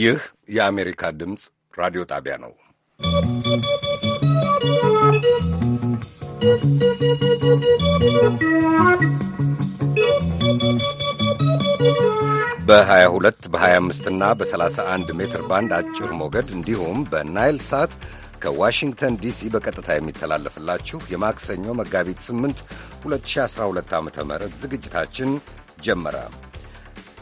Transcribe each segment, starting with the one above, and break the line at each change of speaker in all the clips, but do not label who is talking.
ይህ የአሜሪካ ድምፅ ራዲዮ ጣቢያ ነው። በ22 በ25 እና በ31 ሜትር ባንድ አጭር ሞገድ እንዲሁም በናይል ሳት ከዋሽንግተን ዲሲ በቀጥታ የሚተላለፍላችሁ የማክሰኞ መጋቢት 8 2012 ዓ ም ዝግጅታችን ጀመረ።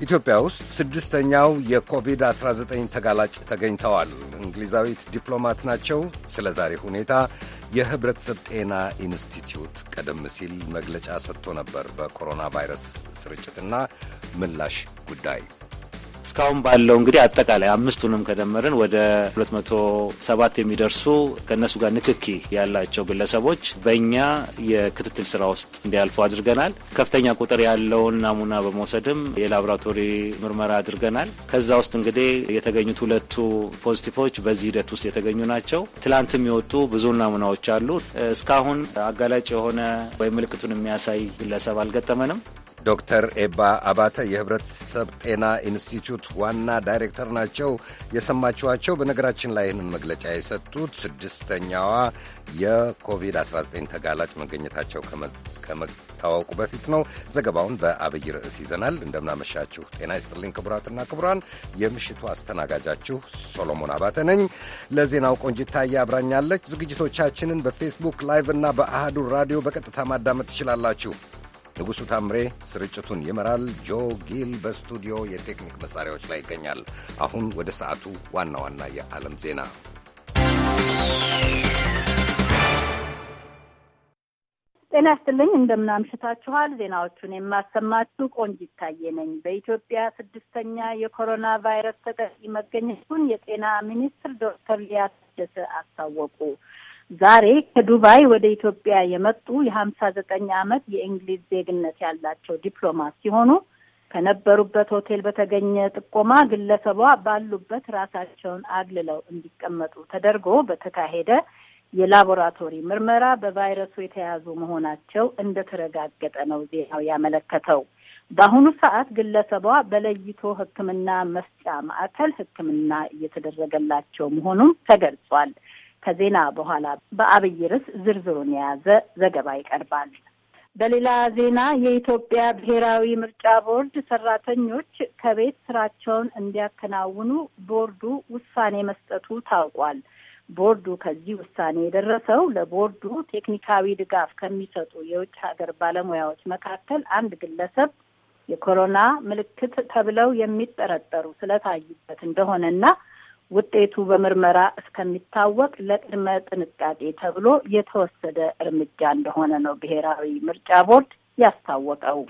ኢትዮጵያ ውስጥ ስድስተኛው የኮቪድ-19 ተጋላጭ ተገኝተዋል። እንግሊዛዊት ዲፕሎማት ናቸው። ስለ ዛሬ ሁኔታ የሕብረተሰብ ጤና ኢንስቲትዩት ቀደም ሲል መግለጫ ሰጥቶ ነበር። በኮሮና ቫይረስ ስርጭትና ምላሽ ጉዳይ
እስካሁን ባለው እንግዲህ አጠቃላይ አምስቱንም ከደመርን ወደ 207 የሚደርሱ ከእነሱ ጋር ንክኪ ያላቸው ግለሰቦች በእኛ የክትትል ስራ ውስጥ እንዲያልፉ አድርገናል። ከፍተኛ ቁጥር ያለውን ናሙና በመውሰድም የላቦራቶሪ ምርመራ አድርገናል። ከዛ ውስጥ እንግዲህ የተገኙት ሁለቱ ፖዚቲፎች በዚህ ሂደት ውስጥ የተገኙ ናቸው። ትላንትም የወጡ ብዙ ናሙናዎች አሉ። እስካሁን አጋላጭ የሆነ
ወይም ምልክቱን የሚያሳይ ግለሰብ አልገጠመንም። ዶክተር ኤባ አባተ የህብረተሰብ ጤና ኢንስቲትዩት ዋና ዳይሬክተር ናቸው የሰማችኋቸው። በነገራችን ላይ ይህንን መግለጫ የሰጡት ስድስተኛዋ የኮቪድ-19 ተጋላጭ መገኘታቸው ከመታወቁ በፊት ነው። ዘገባውን በአብይ ርዕስ ይዘናል። እንደምናመሻችሁ ጤና ይስጥልኝ ክቡራትና ክቡራን። የምሽቱ አስተናጋጃችሁ ሶሎሞን አባተ ነኝ። ለዜናው ቆንጂት ታዬ አብራኛለች። ዝግጅቶቻችንን በፌስቡክ ላይቭ እና በአህዱር ራዲዮ በቀጥታ ማዳመጥ ትችላላችሁ። ንጉሡ ታምሬ ስርጭቱን ይመራል። ጆ ጊል በስቱዲዮ የቴክኒክ መሣሪያዎች ላይ ይገኛል። አሁን ወደ ሰዓቱ ዋና ዋና የዓለም ዜና
ጤና ይስጥልኝ። እንደምናምሽታችኋል። ዜናዎቹን የማሰማችሁ ቆንጅ ይታየ ነኝ። በኢትዮጵያ ስድስተኛ የኮሮና ቫይረስ ተጠቂ መገኘቱን የጤና ሚኒስትር ዶክተር ሊያ ታደሰ አስታወቁ። ዛሬ ከዱባይ ወደ ኢትዮጵያ የመጡ የሀምሳ ዘጠኝ ዓመት የእንግሊዝ ዜግነት ያላቸው ዲፕሎማት ሲሆኑ ከነበሩበት ሆቴል በተገኘ ጥቆማ ግለሰቧ ባሉበት ራሳቸውን አግልለው እንዲቀመጡ ተደርጎ በተካሄደ የላቦራቶሪ ምርመራ በቫይረሱ የተያዙ መሆናቸው እንደተረጋገጠ ነው ዜናው ያመለከተው። በአሁኑ ሰዓት ግለሰቧ በለይቶ ሕክምና መስጫ ማዕከል ሕክምና እየተደረገላቸው መሆኑም ተገልጿል። ከዜና በኋላ በአብይ ርዕስ ዝርዝሩን የያዘ ዘገባ ይቀርባል። በሌላ ዜና የኢትዮጵያ ብሔራዊ ምርጫ ቦርድ ሰራተኞች ከቤት ስራቸውን እንዲያከናውኑ ቦርዱ ውሳኔ መስጠቱ ታውቋል። ቦርዱ ከዚህ ውሳኔ የደረሰው ለቦርዱ ቴክኒካዊ ድጋፍ ከሚሰጡ የውጭ ሀገር ባለሙያዎች መካከል አንድ ግለሰብ የኮሮና ምልክት ተብለው የሚጠረጠሩ ስለታዩበት እንደሆነና ውጤቱ በምርመራ እስከሚታወቅ ለቅድመ ጥንቃቄ ተብሎ የተወሰደ እርምጃ እንደሆነ ነው ብሔራዊ ምርጫ ቦርድ ያስታወቀው።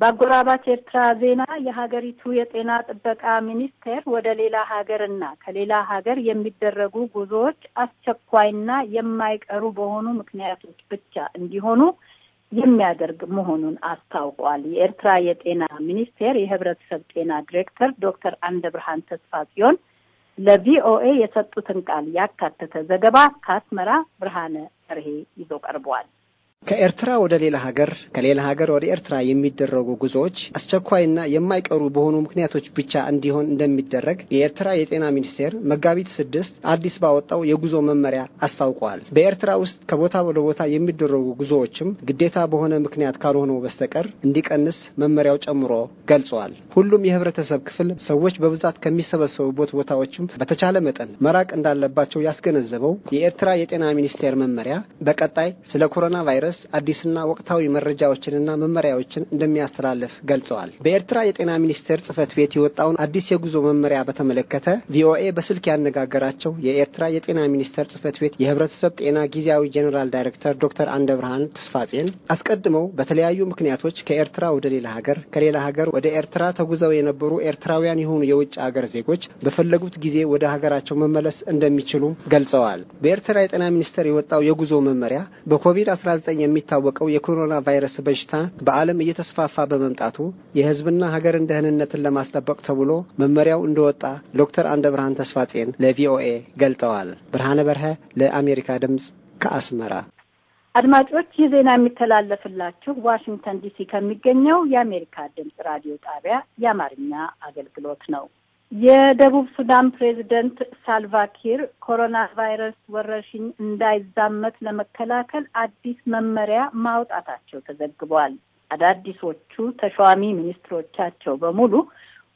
በአጎራባች ኤርትራ ዜና የሀገሪቱ የጤና ጥበቃ ሚኒስቴር ወደ ሌላ ሀገርና ከሌላ ሀገር የሚደረጉ ጉዞዎች አስቸኳይና የማይቀሩ በሆኑ ምክንያቶች ብቻ እንዲሆኑ የሚያደርግ መሆኑን አስታውቋል። የኤርትራ የጤና ሚኒስቴር የህብረተሰብ ጤና ዲሬክተር ዶክተር አንደ ብርሃን ተስፋ ሲሆን ለቪኦኤ የሰጡትን ቃል ያካተተ ዘገባ ከአስመራ ብርሃነ በርሄ ይዞ ቀርበዋል።
ከኤርትራ ወደ ሌላ ሀገር ከሌላ ሀገር ወደ ኤርትራ የሚደረጉ ጉዞዎች አስቸኳይና የማይቀሩ በሆኑ ምክንያቶች ብቻ እንዲሆን እንደሚደረግ የኤርትራ የጤና ሚኒስቴር መጋቢት ስድስት አዲስ ባወጣው የጉዞ መመሪያ አስታውቀዋል። በኤርትራ ውስጥ ከቦታ ወደ ቦታ የሚደረጉ ጉዞዎችም ግዴታ በሆነ ምክንያት ካልሆነ በስተቀር እንዲቀንስ መመሪያው ጨምሮ ገልጸዋል። ሁሉም የህብረተሰብ ክፍል ሰዎች በብዛት ከሚሰበሰቡበት ቦታዎችም በተቻለ መጠን መራቅ እንዳለባቸው ያስገነዘበው የኤርትራ የጤና ሚኒስቴር መመሪያ በቀጣይ ስለ ኮሮና ቫይረስ ድረስ አዲስና ወቅታዊ መረጃዎችንና መመሪያዎችን እንደሚያስተላልፍ ገልጸዋል። በኤርትራ የጤና ሚኒስቴር ጽህፈት ቤት የወጣውን አዲስ የጉዞ መመሪያ በተመለከተ ቪኦኤ በስልክ ያነጋገራቸው የኤርትራ የጤና ሚኒስቴር ጽህፈት ቤት የህብረተሰብ ጤና ጊዜያዊ ጄኔራል ዳይሬክተር ዶክተር አንደ ብርሃን ተስፋጼን አስቀድመው በተለያዩ ምክንያቶች ከኤርትራ ወደ ሌላ ሀገር ከሌላ ሀገር ወደ ኤርትራ ተጉዘው የነበሩ ኤርትራውያን የሆኑ የውጭ ሀገር ዜጎች በፈለጉት ጊዜ ወደ ሀገራቸው መመለስ እንደሚችሉ ገልጸዋል። በኤርትራ የጤና ሚኒስቴር የወጣው የጉዞ መመሪያ በኮቪድ-19 የሚታወቀው የኮሮና ቫይረስ በሽታ በዓለም እየተስፋፋ በመምጣቱ የሕዝብና ሀገርን ደህንነትን ለማስጠበቅ ተብሎ መመሪያው እንደወጣ ዶክተር አንደ ብርሃን ተስፋጤን ለቪኦኤ ገልጠዋል። ብርሃነ በርሀ ለአሜሪካ ድምፅ ከአስመራ።
አድማጮች ይህ ዜና የሚተላለፍላችሁ ዋሽንግተን ዲሲ ከሚገኘው የአሜሪካ ድምፅ ራዲዮ ጣቢያ የአማርኛ አገልግሎት ነው። የደቡብ ሱዳን ፕሬዚደንት ሳልቫኪር ኮሮና ቫይረስ ወረርሽኝ እንዳይዛመት ለመከላከል አዲስ መመሪያ ማውጣታቸው ተዘግቧል። አዳዲሶቹ ተሿሚ ሚኒስትሮቻቸው በሙሉ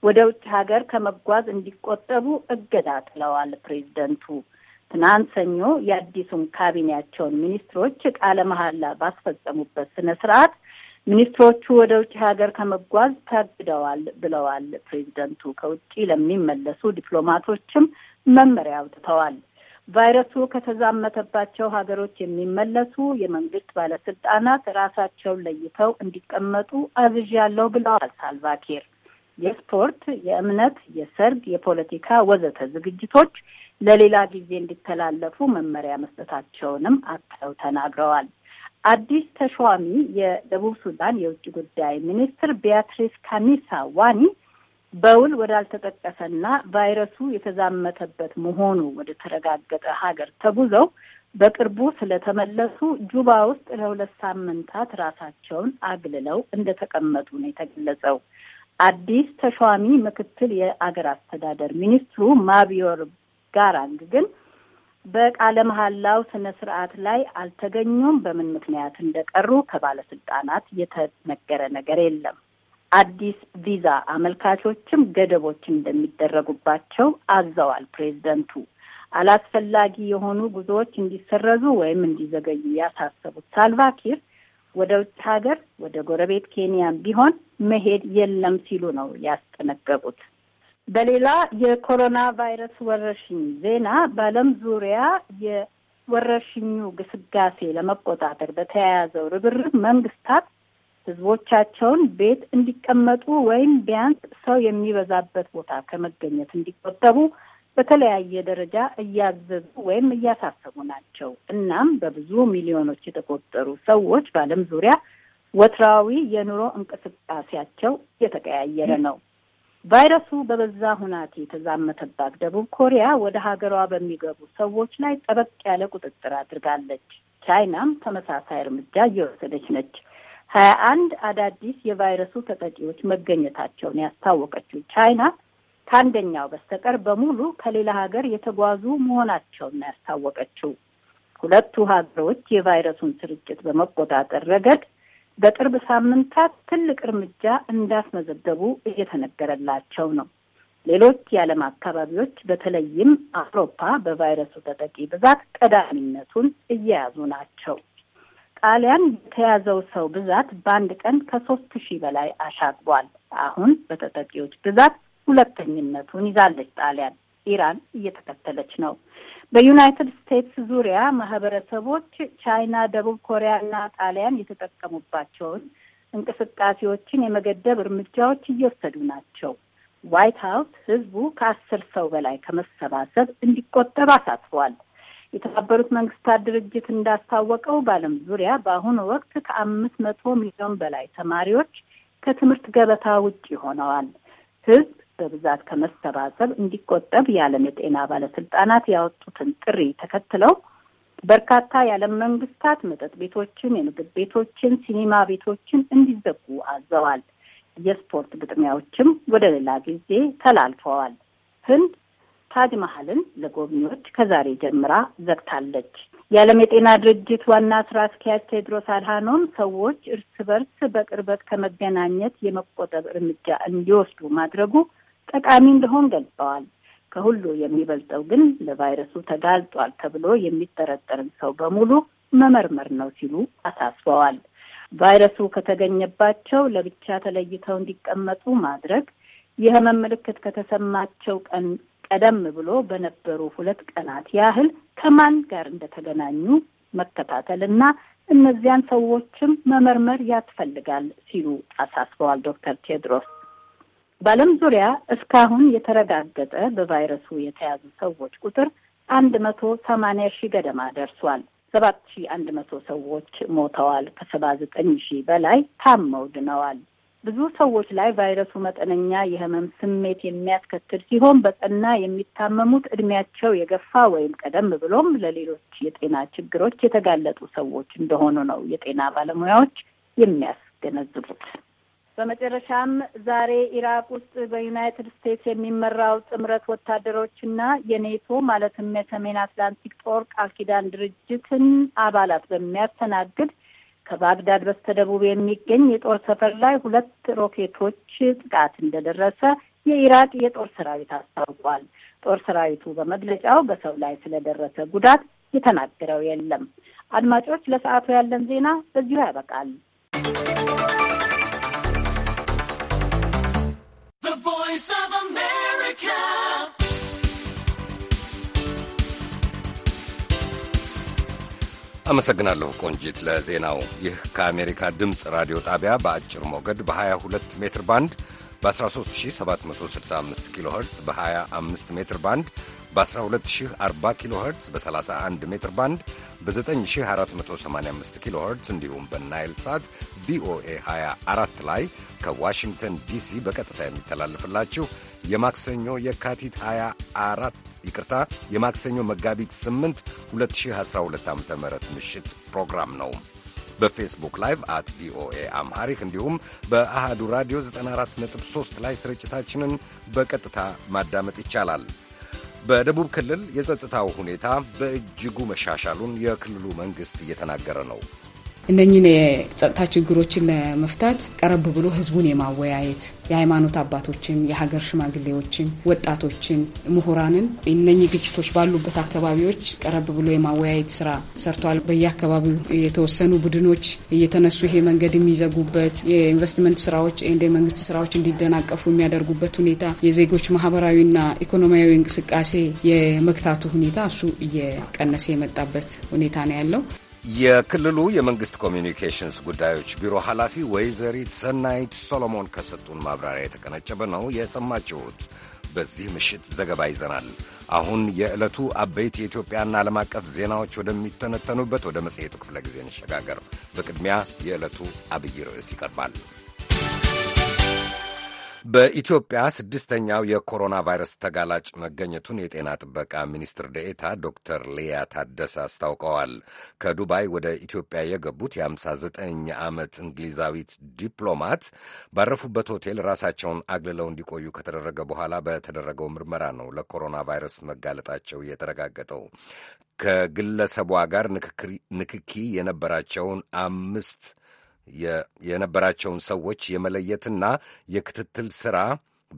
ወደ ውጭ ሀገር ከመጓዝ እንዲቆጠቡ እገዳ ጥለዋል። ፕሬዚደንቱ ትናንት ሰኞ የአዲሱን ካቢኔያቸውን ሚኒስትሮች ቃለ መሐላ ባስፈጸሙበት ስነ ስርዓት ሚኒስትሮቹ ወደ ውጭ ሀገር ከመጓዝ ታግደዋል ብለዋል ፕሬዚደንቱ። ከውጭ ለሚመለሱ ዲፕሎማቶችም መመሪያ አውጥተዋል። ቫይረሱ ከተዛመተባቸው ሀገሮች የሚመለሱ የመንግስት ባለስልጣናት ራሳቸውን ለይተው እንዲቀመጡ አዝዣለሁ ብለዋል ሳልቫኪር። የስፖርት፣ የእምነት፣ የሰርግ፣ የፖለቲካ ወዘተ ዝግጅቶች ለሌላ ጊዜ እንዲተላለፉ መመሪያ መስጠታቸውንም አክለው ተናግረዋል። አዲስ ተሿሚ የደቡብ ሱዳን የውጭ ጉዳይ ሚኒስትር ቢያትሪስ ካሚሳ ዋኒ በውል ወዳልተጠቀሰና ቫይረሱ የተዛመተበት መሆኑ ወደ ተረጋገጠ ሀገር ተጉዘው በቅርቡ ስለተመለሱ ጁባ ውስጥ ለሁለት ሳምንታት ራሳቸውን አግልለው እንደተቀመጡ ነው የተገለጸው። አዲስ ተሿሚ ምክትል የአገር አስተዳደር ሚኒስትሩ ማቢዮር ጋራንግ ግን በቃለ መሐላው ስነ ስርዓት ላይ አልተገኙም። በምን ምክንያት እንደቀሩ ከባለስልጣናት የተነገረ ነገር የለም። አዲስ ቪዛ አመልካቾችም ገደቦች እንደሚደረጉባቸው አዘዋል ፕሬዚደንቱ። አላስፈላጊ የሆኑ ጉዞዎች እንዲሰረዙ ወይም እንዲዘገዩ ያሳሰቡት ሳልቫኪር ወደ ውጭ ሀገር ወደ ጎረቤት ኬንያም ቢሆን መሄድ የለም ሲሉ ነው ያስጠነቀቁት። በሌላ የኮሮና ቫይረስ ወረርሽኝ ዜና በዓለም ዙሪያ የወረርሽኙ ግስጋሴ ለመቆጣጠር በተያያዘው ርብርብ መንግስታት ህዝቦቻቸውን ቤት እንዲቀመጡ ወይም ቢያንስ ሰው የሚበዛበት ቦታ ከመገኘት እንዲቆጠቡ በተለያየ ደረጃ እያዘዙ ወይም እያሳሰቡ ናቸው። እናም በብዙ ሚሊዮኖች የተቆጠሩ ሰዎች በዓለም ዙሪያ ወትራዊ የኑሮ እንቅስቃሴያቸው እየተቀያየረ ነው። ቫይረሱ በበዛ ሁናት የተዛመተባት ደቡብ ኮሪያ ወደ ሀገሯ በሚገቡ ሰዎች ላይ ጠበቅ ያለ ቁጥጥር አድርጋለች። ቻይናም ተመሳሳይ እርምጃ እየወሰደች ነች። ሀያ አንድ አዳዲስ የቫይረሱ ተጠቂዎች መገኘታቸውን ያስታወቀችው ቻይና ከአንደኛው በስተቀር በሙሉ ከሌላ ሀገር የተጓዙ መሆናቸውን ያስታወቀችው። ሁለቱ ሀገሮች የቫይረሱን ስርጭት በመቆጣጠር ረገድ በቅርብ ሳምንታት ትልቅ እርምጃ እንዳስመዘገቡ እየተነገረላቸው ነው። ሌሎች የዓለም አካባቢዎች በተለይም አውሮፓ በቫይረሱ ተጠቂ ብዛት ቀዳሚነቱን እየያዙ ናቸው። ጣሊያን የተያዘው ሰው ብዛት በአንድ ቀን ከሶስት ሺህ በላይ አሻግቧል። አሁን በተጠቂዎች ብዛት ሁለተኝነቱን ይዛለች ጣሊያን። ኢራን እየተከተለች ነው። በዩናይትድ ስቴትስ ዙሪያ ማህበረሰቦች ቻይና፣ ደቡብ ኮሪያ እና ጣሊያን የተጠቀሙባቸውን እንቅስቃሴዎችን የመገደብ እርምጃዎች እየወሰዱ ናቸው። ዋይት ሀውስ ህዝቡ ከአስር ሰው በላይ ከመሰባሰብ እንዲቆጠብ አሳስቧል። የተባበሩት መንግስታት ድርጅት እንዳስታወቀው በዓለም ዙሪያ በአሁኑ ወቅት ከአምስት መቶ ሚሊዮን በላይ ተማሪዎች ከትምህርት ገበታ ውጭ ሆነዋል። ህዝብ በብዛት ከመሰባሰብ እንዲቆጠብ የዓለም የጤና ባለስልጣናት ያወጡትን ጥሪ ተከትለው በርካታ የዓለም መንግስታት መጠጥ ቤቶችን፣ የምግብ ቤቶችን፣ ሲኒማ ቤቶችን እንዲዘጉ አዘዋል። የስፖርት ግጥሚያዎችም ወደ ሌላ ጊዜ ተላልፈዋል። ህንድ ታጅ መሀልን ለጎብኚዎች ከዛሬ ጀምራ ዘግታለች። የዓለም የጤና ድርጅት ዋና ስራ አስኪያጅ ቴድሮስ አድሃኖም ሰዎች እርስ በርስ በቅርበት ከመገናኘት የመቆጠብ እርምጃ እንዲወስዱ ማድረጉ ጠቃሚ እንደሆን ገልጸዋል። ከሁሉ የሚበልጠው ግን ለቫይረሱ ተጋልጧል ተብሎ የሚጠረጠርን ሰው በሙሉ መመርመር ነው ሲሉ አሳስበዋል። ቫይረሱ ከተገኘባቸው ለብቻ ተለይተው እንዲቀመጡ ማድረግ፣ የህመም ምልክት ከተሰማቸው ቀን ቀደም ብሎ በነበሩ ሁለት ቀናት ያህል ከማን ጋር እንደተገናኙ መከታተል እና እነዚያን ሰዎችም መመርመር ያስፈልጋል ሲሉ አሳስበዋል ዶክተር ቴድሮስ በዓለም ዙሪያ እስካሁን የተረጋገጠ በቫይረሱ የተያዙ ሰዎች ቁጥር አንድ መቶ ሰማኒያ ሺህ ገደማ ደርሷል። ሰባት ሺህ አንድ መቶ ሰዎች ሞተዋል። ከሰባ ዘጠኝ ሺህ በላይ ታመው ድነዋል። ብዙ ሰዎች ላይ ቫይረሱ መጠነኛ የህመም ስሜት የሚያስከትል ሲሆን በጠና የሚታመሙት እድሜያቸው የገፋ ወይም ቀደም ብሎም ለሌሎች የጤና ችግሮች የተጋለጡ ሰዎች እንደሆኑ ነው የጤና ባለሙያዎች የሚያስገነዝቡት። በመጨረሻም ዛሬ ኢራቅ ውስጥ በዩናይትድ ስቴትስ የሚመራው ጥምረት ወታደሮችና የኔቶ ማለትም የሰሜን አትላንቲክ ጦር ቃል ኪዳን ድርጅትን አባላት በሚያስተናግድ ከባግዳድ በስተደቡብ የሚገኝ የጦር ሰፈር ላይ ሁለት ሮኬቶች ጥቃት እንደደረሰ የኢራቅ የጦር ሰራዊት አስታውቋል። ጦር ሰራዊቱ በመግለጫው በሰው ላይ ስለደረሰ ጉዳት የተናገረው የለም። አድማጮች፣ ለሰዓቱ ያለን ዜና በዚሁ ያበቃል።
Voice of America.
አመሰግናለሁ ቆንጂት ለዜናው። ይህ ከአሜሪካ ድምፅ ራዲዮ ጣቢያ በአጭር ሞገድ በ22 ሜትር ባንድ በ13765 ኪሎ ኸርትዝ በ25 ሜትር ባንድ በ 1240 ኪሎ ኸርትዝ በ31 ሜትር ባንድ በ9485 ኪሎ ኸርትዝ እንዲሁም በናይል ሳት ቪኦኤ 24 ላይ ከዋሽንግተን ዲሲ በቀጥታ የሚተላለፍላችሁ የማክሰኞ የካቲት 24 ይቅርታ፣ የማክሰኞ መጋቢት 8 2012 ዓ ም ምሽት ፕሮግራም ነው። በፌስቡክ ላይቭ አት ቪኦኤ አምሃሪክ እንዲሁም በአሃዱ ራዲዮ 94.3 ላይ ስርጭታችንን በቀጥታ ማዳመጥ ይቻላል። በደቡብ ክልል የጸጥታው ሁኔታ በእጅጉ መሻሻሉን የክልሉ መንግሥት እየተናገረ ነው።
እነኚህን የጸጥታ ችግሮችን ለመፍታት ቀረብ ብሎ ህዝቡን የማወያየት የሃይማኖት አባቶችን፣ የሀገር ሽማግሌዎችን፣ ወጣቶችን፣ ምሁራንን እነኚህ ግጭቶች ባሉበት አካባቢዎች ቀረብ ብሎ የማወያየት ስራ ሰርቷል። በየአካባቢው የተወሰኑ ቡድኖች እየተነሱ ይሄ መንገድ የሚዘጉበት የኢንቨስትመንት ስራዎች እንደ መንግስት ስራዎች እንዲደናቀፉ የሚያደርጉበት ሁኔታ የዜጎች ማህበራዊና ኢኮኖሚያዊ እንቅስቃሴ የመግታቱ ሁኔታ እሱ እየቀነሰ የመጣበት ሁኔታ ነው ያለው።
የክልሉ የመንግሥት ኮሚኒኬሽንስ ጉዳዮች ቢሮ ኃላፊ ወይዘሪት ሰናይት ሶሎሞን ከሰጡን ማብራሪያ የተቀነጨበ ነው የሰማችሁት። በዚህ ምሽት ዘገባ ይዘናል። አሁን የዕለቱ አበይት የኢትዮጵያና ዓለም አቀፍ ዜናዎች ወደሚተነተኑበት ወደ መጽሔቱ ክፍለ ጊዜ እንሸጋገር። በቅድሚያ የዕለቱ አብይ ርዕስ ይቀርባል። በኢትዮጵያ ስድስተኛው የኮሮና ቫይረስ ተጋላጭ መገኘቱን የጤና ጥበቃ ሚኒስትር ደኤታ ዶክተር ሊያ ታደሰ አስታውቀዋል። ከዱባይ ወደ ኢትዮጵያ የገቡት የ59 ዓመት እንግሊዛዊት ዲፕሎማት ባረፉበት ሆቴል ራሳቸውን አግልለው እንዲቆዩ ከተደረገ በኋላ በተደረገው ምርመራ ነው ለኮሮና ቫይረስ መጋለጣቸው የተረጋገጠው። ከግለሰቧ ጋር ንክኪ የነበራቸውን አምስት የነበራቸውን ሰዎች የመለየትና የክትትል ሥራ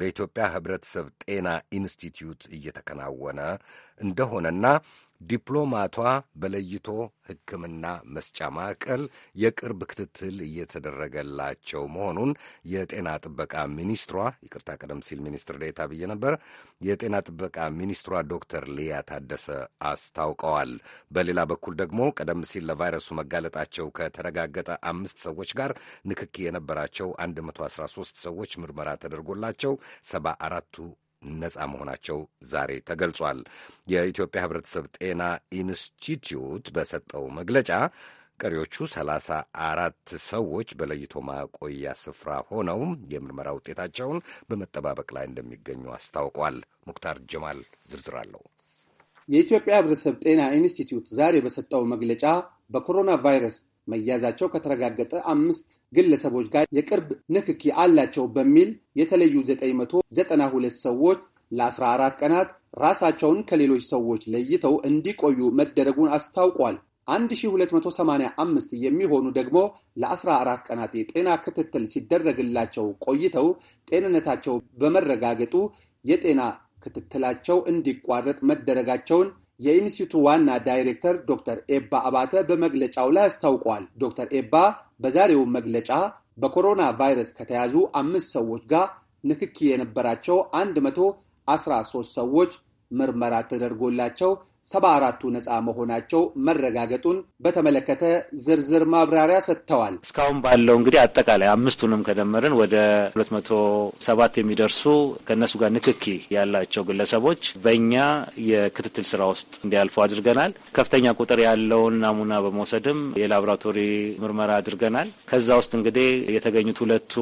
በኢትዮጵያ ሕብረተሰብ ጤና ኢንስቲትዩት እየተከናወነ እንደሆነና ዲፕሎማቷ በለይቶ ሕክምና መስጫ ማዕከል የቅርብ ክትትል እየተደረገላቸው መሆኑን የጤና ጥበቃ ሚኒስትሯ ይቅርታ፣ ቀደም ሲል ሚኒስትር ዴታ ብዬ ነበር። የጤና ጥበቃ ሚኒስትሯ ዶክተር ሊያ ታደሰ አስታውቀዋል። በሌላ በኩል ደግሞ ቀደም ሲል ለቫይረሱ መጋለጣቸው ከተረጋገጠ አምስት ሰዎች ጋር ንክኪ የነበራቸው 113 ሰዎች ምርመራ ተደርጎላቸው ሰባ አራቱ ነፃ መሆናቸው ዛሬ ተገልጿል። የኢትዮጵያ ሕብረተሰብ ጤና ኢንስቲትዩት በሰጠው መግለጫ ቀሪዎቹ ሰላሳ አራት ሰዎች በለይቶ ማቆያ ስፍራ ሆነው የምርመራ ውጤታቸውን በመጠባበቅ ላይ እንደሚገኙ አስታውቋል። ሙክታር ጀማል ዝርዝር አለው።
የኢትዮጵያ ሕብረተሰብ ጤና ኢንስቲትዩት ዛሬ በሰጠው መግለጫ በኮሮና ቫይረስ መያዛቸው ከተረጋገጠ አምስት ግለሰቦች ጋር የቅርብ ንክኪ አላቸው በሚል የተለዩ 992 ሰዎች ለ14 ቀናት ራሳቸውን ከሌሎች ሰዎች ለይተው እንዲቆዩ መደረጉን አስታውቋል። 1285 የሚሆኑ ደግሞ ለ14 ቀናት የጤና ክትትል ሲደረግላቸው ቆይተው ጤንነታቸው በመረጋገጡ የጤና ክትትላቸው እንዲቋረጥ መደረጋቸውን የኢንስቲቱቱ ዋና ዳይሬክተር ዶክተር ኤባ አባተ በመግለጫው ላይ አስታውቋል። ዶክተር ኤባ በዛሬው መግለጫ በኮሮና ቫይረስ ከተያዙ አምስት ሰዎች ጋር ንክኪ የነበራቸው 113 ሰዎች ምርመራ ተደርጎላቸው ሰባ አራቱ ነፃ መሆናቸው መረጋገጡን በተመለከተ ዝርዝር ማብራሪያ ሰጥተዋል። እስካሁን
ባለው እንግዲህ አጠቃላይ አምስቱንም ከደመርን ወደ ሁለት መቶ ሰባት የሚደርሱ ከእነሱ ጋር ንክኪ ያላቸው ግለሰቦች በእኛ የክትትል ስራ ውስጥ እንዲያልፉ አድርገናል። ከፍተኛ ቁጥር ያለውን ናሙና በመውሰድም የላቦራቶሪ ምርመራ አድርገናል። ከዛ ውስጥ እንግዲህ የተገኙት ሁለቱ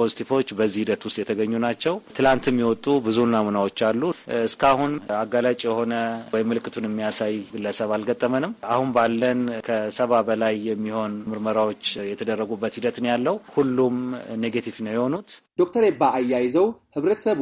ፖዚቲፎች በዚህ ሂደት ውስጥ የተገኙ ናቸው። ትላንትም የወጡ ብዙ ናሙናዎች አሉ። እስካሁን አጋላጭ የሆነ ወይም ምልክቱን የሚያሳይ ግለሰብ አልገጠመንም። አሁን ባለን ከሰባ በላይ የሚሆን ምርመራዎች
የተደረጉበት ሂደት ነው ያለው። ሁሉም ኔጌቲቭ ነው የሆኑት። ዶክተር ኤባ አያይዘው ህብረተሰቡ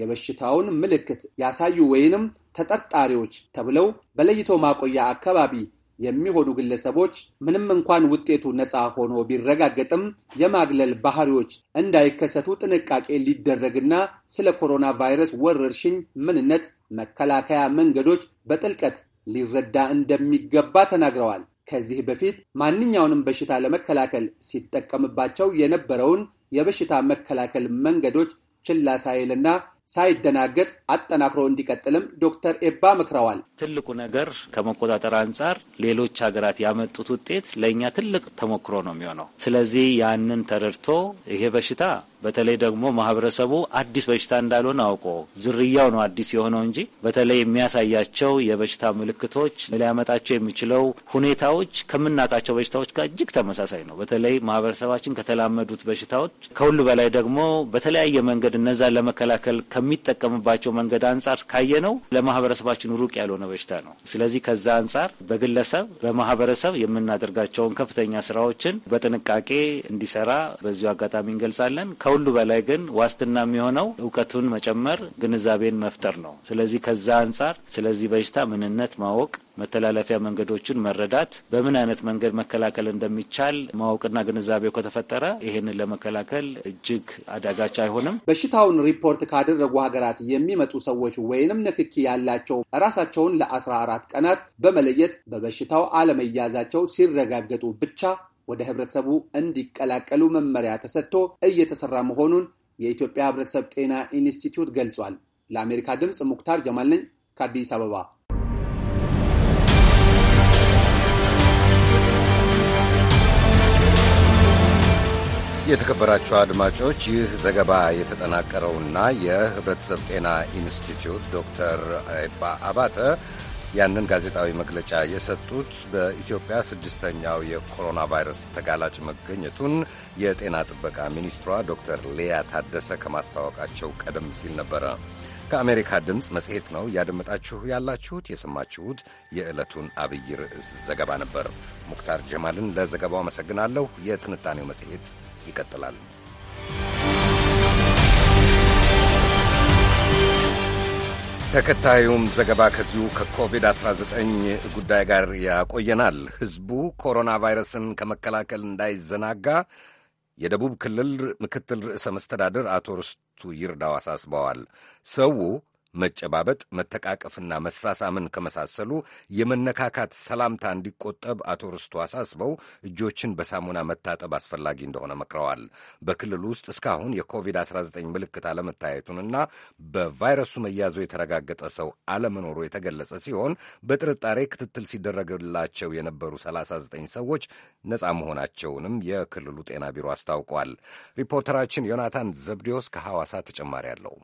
የበሽታውን ምልክት ያሳዩ ወይንም ተጠርጣሪዎች ተብለው በለይቶ ማቆያ አካባቢ የሚሆኑ ግለሰቦች ምንም እንኳን ውጤቱ ነፃ ሆኖ ቢረጋገጥም የማግለል ባህሪዎች እንዳይከሰቱ ጥንቃቄ ሊደረግና ስለ ኮሮና ቫይረስ ወረርሽኝ ምንነት፣ መከላከያ መንገዶች በጥልቀት ሊረዳ እንደሚገባ ተናግረዋል። ከዚህ በፊት ማንኛውንም በሽታ ለመከላከል ሲጠቀምባቸው የነበረውን የበሽታ መከላከል መንገዶች ችላ ሳይልና ሳይደናገጥ አጠናክሮ እንዲቀጥልም ዶክተር ኤባ መክረዋል።
ትልቁ ነገር ከመቆጣጠር አንጻር ሌሎች ሀገራት ያመጡት ውጤት ለእኛ ትልቅ ተሞክሮ ነው የሚሆነው። ስለዚህ ያንን ተረድቶ ይሄ በሽታ በተለይ ደግሞ ማህበረሰቡ አዲስ በሽታ እንዳልሆነ አውቆ ዝርያው ነው አዲስ የሆነው እንጂ በተለይ የሚያሳያቸው የበሽታ ምልክቶች ሊያመጣቸው የሚችለው ሁኔታዎች ከምናውቃቸው በሽታዎች ጋር እጅግ ተመሳሳይ ነው። በተለይ ማህበረሰባችን ከተላመዱት በሽታዎች ከሁሉ በላይ ደግሞ በተለያየ መንገድ እነዛን ለመከላከል ከሚጠቀምባቸው መንገድ አንጻር ካየ ነው ለማህበረሰባችን ሩቅ ያልሆነ በሽታ ነው። ስለዚህ ከዛ አንጻር በግለሰብ በማህበረሰብ የምናደርጋቸውን ከፍተኛ ስራዎችን በጥንቃቄ እንዲሰራ በዚሁ አጋጣሚ እንገልጻለን። ከሁሉ በላይ ግን ዋስትና የሚሆነው እውቀቱን መጨመር፣ ግንዛቤን መፍጠር ነው። ስለዚህ ከዛ አንጻር ስለዚህ በሽታ ምንነት ማወቅ መተላለፊያ መንገዶችን መረዳት፣ በምን አይነት መንገድ መከላከል እንደሚቻል ማወቅና ግንዛቤ ከተፈጠረ ይህንን ለመከላከል እጅግ አዳጋች አይሆንም።
በሽታውን ሪፖርት ካደረጉ ሀገራት የሚመጡ ሰዎች ወይንም ንክኪ ያላቸው ራሳቸውን ለአስራ አራት ቀናት በመለየት በበሽታው አለመያዛቸው ሲረጋገጡ ብቻ ወደ ህብረተሰቡ እንዲቀላቀሉ መመሪያ ተሰጥቶ እየተሰራ መሆኑን የኢትዮጵያ ህብረተሰብ ጤና ኢንስቲትዩት ገልጿል። ለአሜሪካ ድምፅ ሙክታር ጀማል ነኝ ከአዲስ አበባ።
የተከበራቸው አድማጮች ይህ ዘገባ የተጠናቀረውና የህብረተሰብ ጤና ኢንስቲትዩት ዶክተር ኤባ አባተ ያንን ጋዜጣዊ መግለጫ የሰጡት በኢትዮጵያ ስድስተኛው የኮሮና ቫይረስ ተጋላጭ መገኘቱን የጤና ጥበቃ ሚኒስትሯ ዶክተር ሌያ ታደሰ ከማስታወቃቸው ቀደም ሲል ነበረ። ከአሜሪካ ድምፅ መጽሔት ነው እያደመጣችሁ ያላችሁት። የሰማችሁት የዕለቱን አብይ ርዕስ ዘገባ ነበር። ሙክታር ጀማልን ለዘገባው አመሰግናለሁ። የትንታኔው መጽሔት ይቀጥላል። ተከታዩም ዘገባ ከዚሁ ከኮቪድ-19 ጉዳይ ጋር ያቆየናል። ሕዝቡ ኮሮና ቫይረስን ከመከላከል እንዳይዘናጋ የደቡብ ክልል ምክትል ርዕሰ መስተዳድር አቶ ርስቱ ይርዳው አሳስበዋል። ሰው መጨባበጥ፣ መተቃቀፍና መሳሳምን ከመሳሰሉ የመነካካት ሰላምታ እንዲቆጠብ አቶ ርስቱ አሳስበው እጆችን በሳሙና መታጠብ አስፈላጊ እንደሆነ መክረዋል። በክልሉ ውስጥ እስካሁን የኮቪድ-19 ምልክት አለመታየቱንና በቫይረሱ መያዙ የተረጋገጠ ሰው አለመኖሩ የተገለጸ ሲሆን በጥርጣሬ ክትትል ሲደረግላቸው የነበሩ 39 ሰዎች ነፃ መሆናቸውንም የክልሉ ጤና ቢሮ አስታውቋል። ሪፖርተራችን ዮናታን ዘብዲዮስ ከሐዋሳ ተጨማሪ አለው።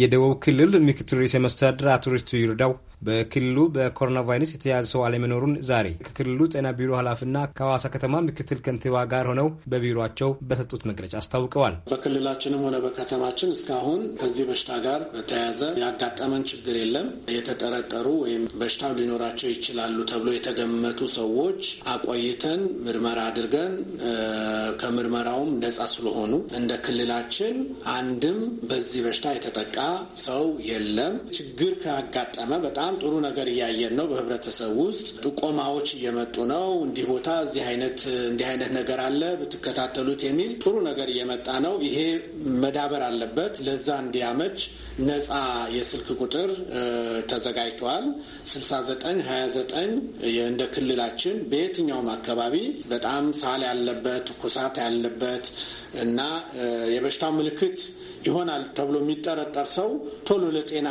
የደቡብ ክልል ምክትል ርዕሰ መስተዳድር አቶ ሪስቱ ይርዳው በክልሉ በኮሮና ቫይረስ የተያዘ ሰው አለመኖሩን ዛሬ ከክልሉ ጤና ቢሮ ኃላፊና ከሐዋሳ ከተማ ምክትል ከንቲባ ጋር ሆነው በቢሮቸው በሰጡት መግለጫ አስታውቀዋል።
በክልላችንም ሆነ በከተማችን እስካሁን ከዚህ በሽታ ጋር በተያያዘ ያጋጠመን ችግር የለም። የተጠረጠሩ ወይም በሽታው ሊኖራቸው ይችላሉ ተብሎ የተገመቱ ሰዎች አቆይተን ምርመራ አድርገን ከምርመራውም ነጻ ስለሆኑ እንደ ክልላችን አንድም በዚህ በሽታ የተጠቃ ሰው የለም። ችግር ካጋጠመ በጣም በጣም ጥሩ ነገር እያየን ነው። በህብረተሰብ ውስጥ ጥቆማዎች እየመጡ ነው። እንዲህ ቦታ እዚህ አይነት እንዲህ አይነት ነገር አለ ብትከታተሉት የሚል ጥሩ ነገር እየመጣ ነው። ይሄ መዳበር አለበት። ለዛ እንዲያመች ነፃ የስልክ ቁጥር ተዘጋጅተዋል። 6929 እንደ ክልላችን በየትኛውም አካባቢ በጣም ሳል ያለበት ትኩሳት ያለበት እና የበሽታው ምልክት ይሆናል ተብሎ የሚጠረጠር ሰው ቶሎ ለጤና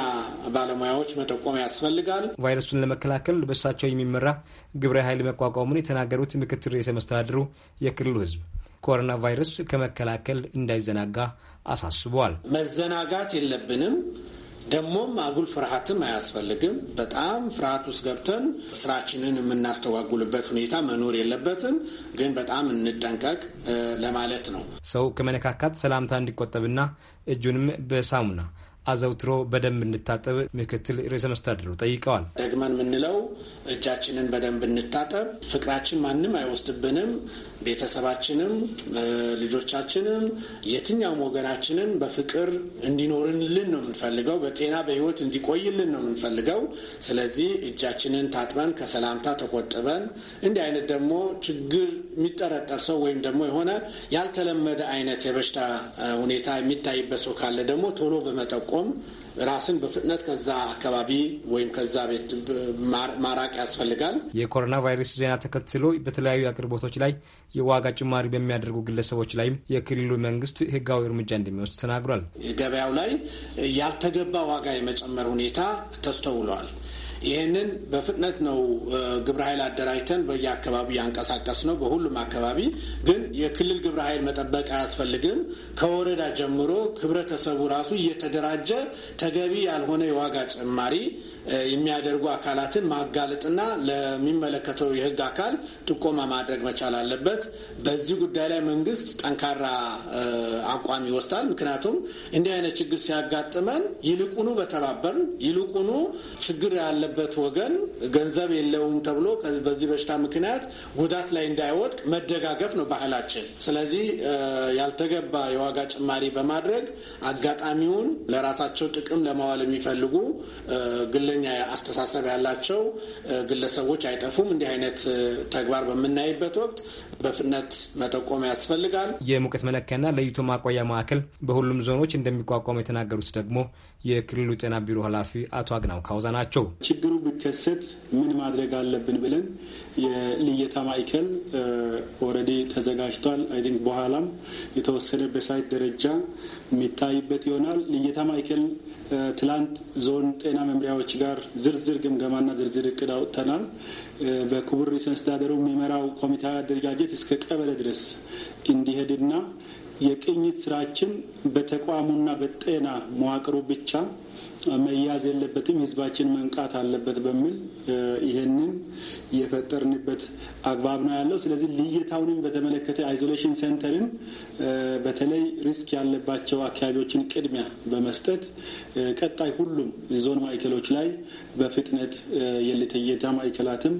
ባለሙያዎች መጠቆም ያስፈልጋል።
ቫይረሱን ለመከላከል በሳቸው የሚመራ ግብረ ኃይል መቋቋሙን የተናገሩት ምክትል ርዕሰ መስተዳድሩ የክልሉ ህዝብ ኮሮና ቫይረስ ከመከላከል እንዳይዘናጋ አሳስቧል።
መዘናጋት የለብንም ደግሞም አጉል ፍርሃትም አያስፈልግም። በጣም ፍርሃት ውስጥ ገብተን ስራችንን የምናስተጓጉልበት ሁኔታ መኖር የለበትም። ግን በጣም እንጠንቀቅ ለማለት ነው።
ሰው ከመነካካት ሰላምታ እንዲቆጠብና እጁንም በሳሙና አዘውትሮ በደንብ እንታጠብ ምክትል ርዕሰ መስተዳድሩ ጠይቀዋል።
ደግመን የምንለው እጃችንን በደንብ እንታጠብ፣ ፍቅራችን ማንም አይወስድብንም፣ ቤተሰባችንም ልጆቻችንም የትኛውም ወገናችንን በፍቅር እንዲኖርልን ነው የምንፈልገው። በጤና በህይወት እንዲቆይልን ነው የምንፈልገው። ስለዚህ እጃችንን ታጥበን ከሰላምታ ተቆጥበን እንዲህ አይነት ደግሞ ችግር የሚጠረጠር ሰው ወይም ደግሞ የሆነ ያልተለመደ አይነት የበሽታ ሁኔታ የሚታይበት ሰው ካለ ደግሞ ቶሎ በመጠቆ ለመቆም ራስን በፍጥነት ከዛ አካባቢ ወይም ከዛ ቤት ማራቅ ያስፈልጋል።
የኮሮና ቫይረስ ዜና ተከትሎ በተለያዩ አቅርቦቶች ላይ የዋጋ ጭማሪ በሚያደርጉ ግለሰቦች ላይም የክልሉ መንግስት ህጋዊ እርምጃ እንደሚወስድ ተናግሯል።
ገበያው ላይ ያልተገባ ዋጋ የመጨመር ሁኔታ ተስተውሏል። ይህንን በፍጥነት ነው ግብረ ኃይል አደራጅተን በየአካባቢ ያንቀሳቀስ ነው። በሁሉም አካባቢ ግን የክልል ግብረ ኃይል መጠበቅ አያስፈልግም። ከወረዳ ጀምሮ ህብረተሰቡ ራሱ እየተደራጀ ተገቢ ያልሆነ የዋጋ ጭማሪ የሚያደርጉ አካላትን ማጋለጥና ለሚመለከተው የህግ አካል ጥቆማ ማድረግ መቻል አለበት። በዚህ ጉዳይ ላይ መንግስት ጠንካራ አቋም ይወስዳል። ምክንያቱም እንዲህ አይነት ችግር ሲያጋጥመን ይልቁኑ በተባበርን ይልቁኑ ችግር ያለበት ወገን ገንዘብ የለውም ተብሎ በዚህ በሽታ ምክንያት ጉዳት ላይ እንዳይወጥቅ መደጋገፍ ነው ባህላችን። ስለዚህ ያልተገባ የዋጋ ጭማሪ በማድረግ አጋጣሚውን ለራሳቸው ጥቅም ለማዋል የሚፈልጉ ግለ ገለኛ አስተሳሰብ ያላቸው ግለሰቦች አይጠፉም። እንዲህ አይነት ተግባር በምናይበት ወቅት በፍጥነት መጠቆም ያስፈልጋል።
የሙቀት መለኪያና ለይቶ ማቆያ ማዕከል በሁሉም ዞኖች እንደሚቋቋሙ የተናገሩት ደግሞ የክልሉ ጤና ቢሮ ኃላፊ አቶ አግናው ካውዛ ናቸው። ችግሩ ቢከሰት
ምን ማድረግ አለብን ብለን የልየታ ማዕከል ኦልሬዲ ተዘጋጅቷል። አይ ቲንክ በኋላም የተወሰነ በሳይት ደረጃ የሚታይበት ይሆናል። ልየታ ማዕከል ትላንት ዞን ጤና መምሪያዎች ጋር ዝርዝር ግምገማና ዝርዝር እቅድ አውጥተናል። በክቡር ርዕሰ ዳደሩ የሚመራው ኮሚቴ አደረጃጀት እስከ ቀበሌ ድረስ እንዲሄድና የቅኝት ስራችን በተቋሙና በጤና መዋቅሩ ብቻ መያዝ የለበትም፣ ህዝባችን መንቃት አለበት በሚል ይሄንን የፈጠርንበት አግባብ ነው ያለው። ስለዚህ ልየታውንም በተመለከተ አይዞሌሽን ሴንተርን በተለይ ሪስክ ያለባቸው አካባቢዎችን ቅድሚያ በመስጠት ቀጣይ ሁሉም ዞን ማዕከሎች ላይ በፍጥነት የልየታ ማዕከላትም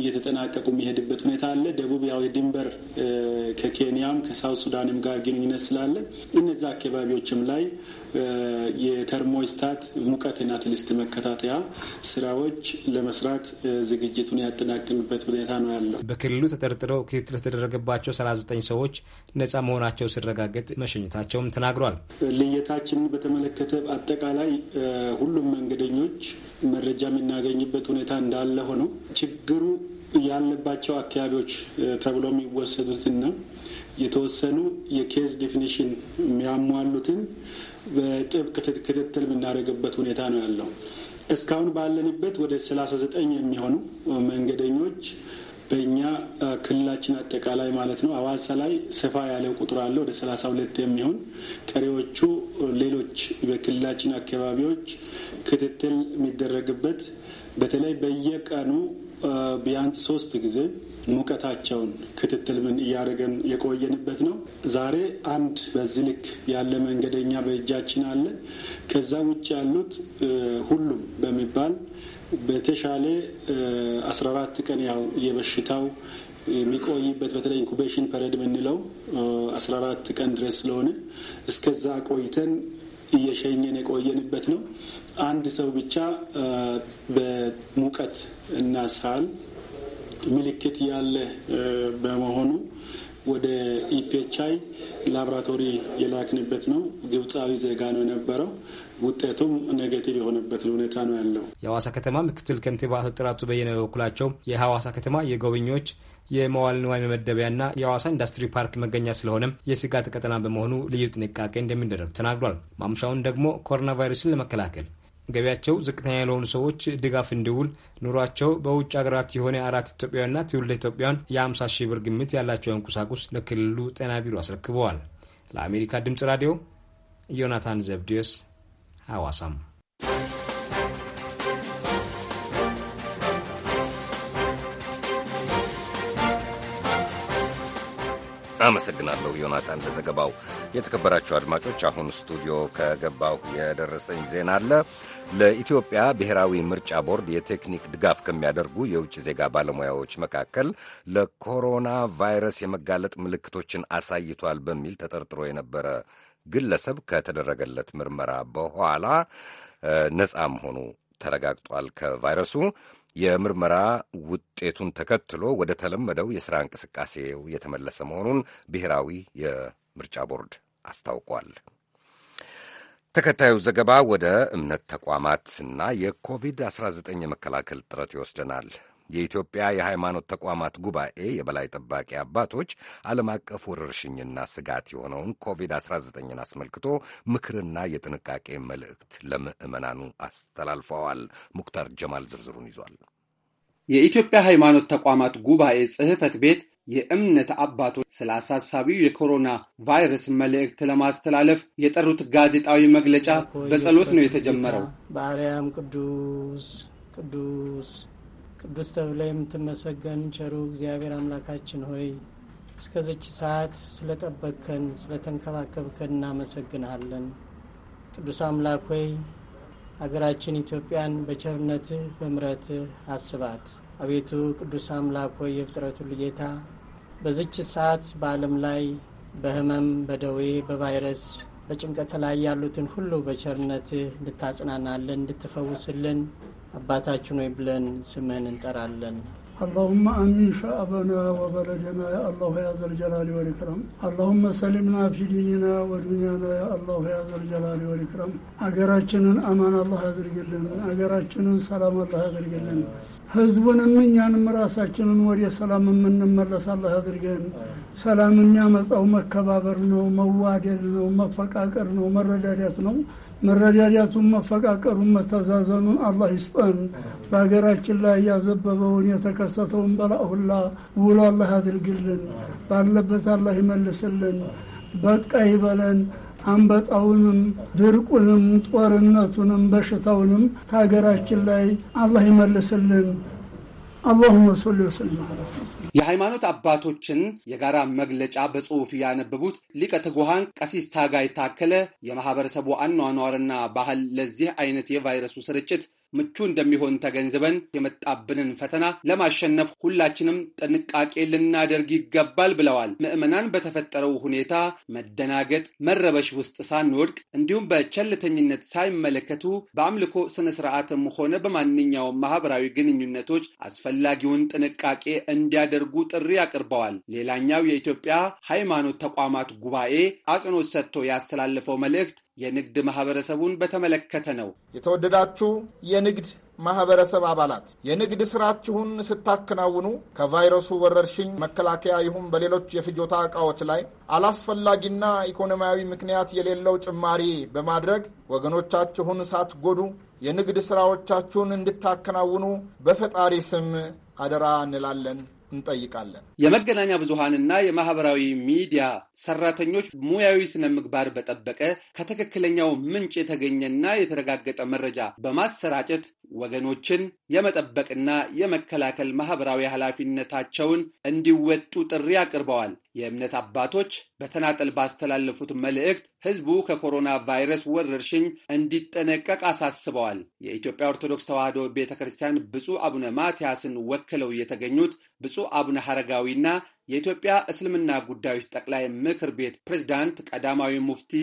እየተጠናቀቁ የሚሄድበት ሁኔታ አለ። ደቡብ ያው የድንበር ከኬንያም ከሳውት ሱዳንም ጋር ግንኙነት ስላለ እነዚ አካባቢዎችም ላይ የተርሞስታት ሙቀትና ትንስት መከታተያ ስራዎች ለመስራት ዝግጅቱን ያጠናቅምበት ሁኔታ ነው ያለው።
በክልሉ ተጠርጥረው ክትትል የተደረገባቸው 39 ሰዎች ነጻ መሆናቸው ሲረጋገጥ መሸኘታቸውም ተናግሯል።
ልየታችንን በተመለከተ አጠቃላይ ሁሉም መንገደኞች መረጃ የምናገኝበት ሁኔታ እንዳለ ሆኖ ችግሩ ያለባቸው አካባቢዎች ተብሎ የሚወሰዱትና የተወሰኑ የኬዝ ዴፊኒሽን የሚያሟሉትን በጥብቅ ክትትል የምናደርግበት ሁኔታ ነው ያለው። እስካሁን ባለንበት ወደ 39 የሚሆኑ መንገደኞች በእኛ ክልላችን አጠቃላይ ማለት ነው አዋሳ ላይ ሰፋ ያለ ቁጥር አለ ወደ 32 የሚሆን ቀሪዎቹ ሌሎች በክልላችን አካባቢዎች ክትትል የሚደረግበት በተለይ በየቀኑ ቢያንስ ሶስት ጊዜ ሙቀታቸውን ክትትል ምን እያደረገን የቆየንበት ነው። ዛሬ አንድ በዚህ ልክ ያለ መንገደኛ በእጃችን አለ። ከዛ ውጭ ያሉት ሁሉም በሚባል በተሻለ 14 ቀን ያው የበሽታው የሚቆይበት በተለይ ኢንኩቤሽን ፐረድ የምንለው 14 ቀን ድረስ ስለሆነ እስከዛ ቆይተን እየሸኘን የቆየንበት ነው። አንድ ሰው ብቻ በሙቀት እና ሳል ምልክት ያለ በመሆኑ ወደ ኢፔቻይ ላብራቶሪ የላክንበት ነው። ግብፃዊ ዜጋ ነው የነበረው። ውጤቱም ኔጌቲቭ የሆነበት ሁኔታ ነው ያለው።
የሐዋሳ ከተማ ምክትል ከንቲባ አቶ ጥራቱ በየነ በበኩላቸው የሐዋሳ ከተማ የጎብኚዎች የመዋል ንዋይ መመደቢያና የሐዋሳ ኢንዱስትሪ ፓርክ መገኛ ስለሆነም የስጋት ቀጠና በመሆኑ ልዩ ጥንቃቄ እንደሚደረግ ተናግሯል። ማምሻውን ደግሞ ኮሮና ቫይረስን ለመከላከል ገቢያቸው ዝቅተኛ ለሆኑ ሰዎች ድጋፍ እንዲውል ኑሯቸው በውጭ ሀገራት የሆነ አራት ኢትዮጵያውያንና ትውልደ ኢትዮጵያውያን የ50 ሺህ ብር ግምት ያላቸውን ቁሳቁስ ለክልሉ ጤና ቢሮ አስረክበዋል። ለአሜሪካ ድምፅ ራዲዮ ዮናታን ዘብዲዮስ ሐዋሳም
አመሰግናለሁ ዮናታን ለዘገባው። የተከበራችሁ አድማጮች አሁን ስቱዲዮ ከገባሁ የደረሰኝ ዜና አለ። ለኢትዮጵያ ብሔራዊ ምርጫ ቦርድ የቴክኒክ ድጋፍ ከሚያደርጉ የውጭ ዜጋ ባለሙያዎች መካከል ለኮሮና ቫይረስ የመጋለጥ ምልክቶችን አሳይቷል በሚል ተጠርጥሮ የነበረ ግለሰብ ከተደረገለት ምርመራ በኋላ ነፃ መሆኑ ተረጋግጧል። ከቫይረሱ የምርመራ ውጤቱን ተከትሎ ወደ ተለመደው የሥራ እንቅስቃሴው የተመለሰ መሆኑን ብሔራዊ ምርጫ ቦርድ አስታውቋል። ተከታዩ ዘገባ ወደ እምነት ተቋማትና የኮቪድ-19 የመከላከል ጥረት ይወስደናል። የኢትዮጵያ የሃይማኖት ተቋማት ጉባኤ የበላይ ጠባቂ አባቶች ዓለም አቀፍ ወረርሽኝና ስጋት የሆነውን ኮቪድ-19ን አስመልክቶ ምክርና የጥንቃቄ መልእክት ለምዕመናኑ አስተላልፈዋል። ሙክታር ጀማል ዝርዝሩን ይዟል። የኢትዮጵያ ሃይማኖት ተቋማት ጉባኤ ጽህፈት ቤት የእምነት አባቶች
ስለ አሳሳቢው የኮሮና ቫይረስ መልእክት ለማስተላለፍ የጠሩት ጋዜጣዊ መግለጫ በጸሎት ነው የተጀመረው።
በአርያም ቅዱስ ቅዱስ ቅዱስ ተብለ የምትመሰገን ቸሩ እግዚአብሔር አምላካችን ሆይ እስከዚች ሰዓት ስለጠበቅከን ስለተንከባከብከን እናመሰግንሃለን። ቅዱስ አምላክ ሆይ ሀገራችን ኢትዮጵያን በቸርነት በምረት አስባት። አቤቱ ቅዱስ አምላክ ሆይ የፍጥረት ሁሉ በዝች ሰዓት በዓለም ላይ በህመም፣ በደዌ፣ በቫይረስ፣ በጭንቀት ላይ ያሉትን ሁሉ በቸርነት እንድታጽናናለን፣ እንድትፈውስልን አባታችን ሆይ ብለን ስምህን እንጠራለን።
اللهم أمن شعبنا وبلدنا يا الله يا ذا الجلال والإكرام اللهم سلمنا في ديننا ودنيانا يا الله يا ذا الجلال والإكرام አገራችንን አማን አላህ ያድርግልን። አገራችንን ሰላም አላህ ያድርግልን። ህዝቡንም እኛንም ራሳችንን ወደ ሰላም የምንመለስ አላህ ያድርገን። ሰላም የሚያመጣው መከባበር ነው፣ መዋደድ ነው፣ መፈቃቀር ነው፣ መረዳዳት ነው። መረዳዳቱን፣ መፈቃቀሩን፣ መተዛዘኑን አላህ ይስጠን። በሀገራችን ላይ ያዘበበውን የተከሰተውን በላ ሁላ ውሎ አላህ አድርግልን። ባለበት አላህ ይመልስልን። በቃ ይበለን። አንበጣውንም ድርቁንም ጦርነቱንም በሽታውንም ከሀገራችን ላይ አላህ ይመልስልን። አላሁመ ሰሊ ወሰለም
የሃይማኖት አባቶችን የጋራ መግለጫ በጽሑፍ ያነበቡት ሊቀ ትጉሃን ቀሲስ ታጋይ ታከለ የማህበረሰቡ አኗኗርና ባህል ለዚህ አይነት የቫይረሱ ስርጭት ምቹ እንደሚሆን ተገንዝበን የመጣብንን ፈተና ለማሸነፍ ሁላችንም ጥንቃቄ ልናደርግ ይገባል ብለዋል። ምዕመናን በተፈጠረው ሁኔታ መደናገጥ፣ መረበሽ ውስጥ ሳንወድቅ እንዲሁም በቸልተኝነት ሳይመለከቱ በአምልኮ ስነ ስርዓትም ሆነ በማንኛውም ማህበራዊ ግንኙነቶች አስፈላጊውን ጥንቃቄ እንዲያደርጉ ጥሪ አቅርበዋል። ሌላኛው የኢትዮጵያ ሃይማኖት ተቋማት ጉባኤ አጽንኦት ሰጥቶ ያስተላለፈው መልእክት የንግድ ማህበረሰቡን በተመለከተ ነው። የተወደዳችሁ የንግድ ማህበረሰብ አባላት የንግድ
ስራችሁን ስታከናውኑ ከቫይረሱ ወረርሽኝ መከላከያ ይሁን በሌሎች የፍጆታ እቃዎች ላይ አላስፈላጊና ኢኮኖሚያዊ ምክንያት የሌለው ጭማሪ በማድረግ ወገኖቻችሁን ሳትጎዱ የንግድ ስራዎቻችሁን እንድታከናውኑ በፈጣሪ ስም አደራ እንላለን። እንጠይቃለን።
የመገናኛ ብዙሃንና የማህበራዊ ሚዲያ ሰራተኞች ሙያዊ ስነ ምግባር በጠበቀ ከትክክለኛው ምንጭ የተገኘና የተረጋገጠ መረጃ በማሰራጨት ወገኖችን የመጠበቅና የመከላከል ማህበራዊ ኃላፊነታቸውን እንዲወጡ ጥሪ አቅርበዋል። የእምነት አባቶች በተናጠል ባስተላለፉት መልእክት ህዝቡ ከኮሮና ቫይረስ ወረርሽኝ እንዲጠነቀቅ አሳስበዋል። የኢትዮጵያ ኦርቶዶክስ ተዋሕዶ ቤተ ክርስቲያን ብፁዕ አቡነ ማትያስን ወክለው የተገኙት ብፁዕ አቡነ ሐረጋዊና የኢትዮጵያ እስልምና ጉዳዮች ጠቅላይ ምክር ቤት ፕሬዝዳንት ቀዳማዊ ሙፍቲ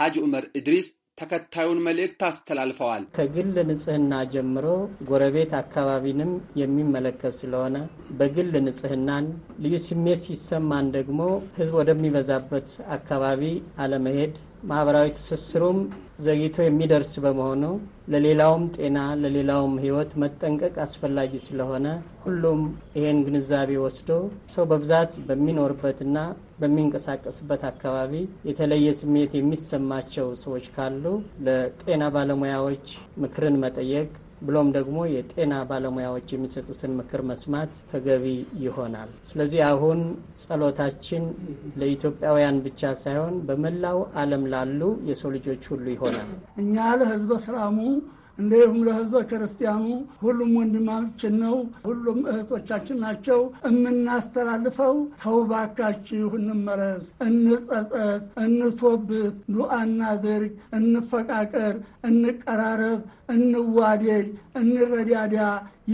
ሐጅ ዑመር ኢድሪስ ተከታዩን መልእክት አስተላልፈዋል።
ከግል ንጽህና ጀምሮ ጎረቤት አካባቢንም የሚመለከት ስለሆነ በግል ንጽህናን፣ ልዩ ስሜት ሲሰማን ደግሞ ህዝብ ወደሚበዛበት አካባቢ አለመሄድ ማህበራዊ ትስስሩም ዘግይቶ የሚደርስ በመሆኑ ለሌላውም ጤና ለሌላውም ሕይወት መጠንቀቅ አስፈላጊ ስለሆነ ሁሉም ይሄን ግንዛቤ ወስዶ ሰው በብዛት በሚኖርበትና በሚንቀሳቀስበት አካባቢ የተለየ ስሜት የሚሰማቸው ሰዎች ካሉ ለጤና ባለሙያዎች ምክርን መጠየቅ ብሎም ደግሞ የጤና ባለሙያዎች የሚሰጡትን ምክር መስማት ተገቢ ይሆናል። ስለዚህ አሁን ጸሎታችን ለኢትዮጵያውያን ብቻ ሳይሆን በመላው ዓለም ላሉ የሰው ልጆች ሁሉ ይሆናል።
እኛ ለህዝበ ስራሙ እንደሁም ለህዝበ ክርስቲያኑ ሁሉም ወንድማችን ነው፣ ሁሉም እህቶቻችን ናቸው። የምናስተላልፈው ተውባካችሁ እንመለስ፣ እንጸጸት፣ እንቶብት፣ ዱአ እናድርግ፣ እንፈቃቀር፣ እንቀራረብ፣ እንዋደድ፣ እንረዳዳ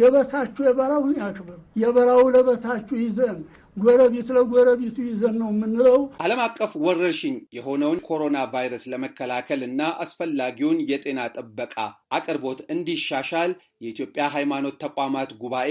የበታችሁ የበላው ያክብር የበላው ለበታችሁ ይዘን ጎረቤት ለጎረቤቱ ይዘን ነው
የምንለው። ዓለም አቀፍ ወረርሽኝ የሆነውን ኮሮና ቫይረስ ለመከላከል እና አስፈላጊውን የጤና ጥበቃ አቅርቦት እንዲሻሻል የኢትዮጵያ ሃይማኖት ተቋማት ጉባኤ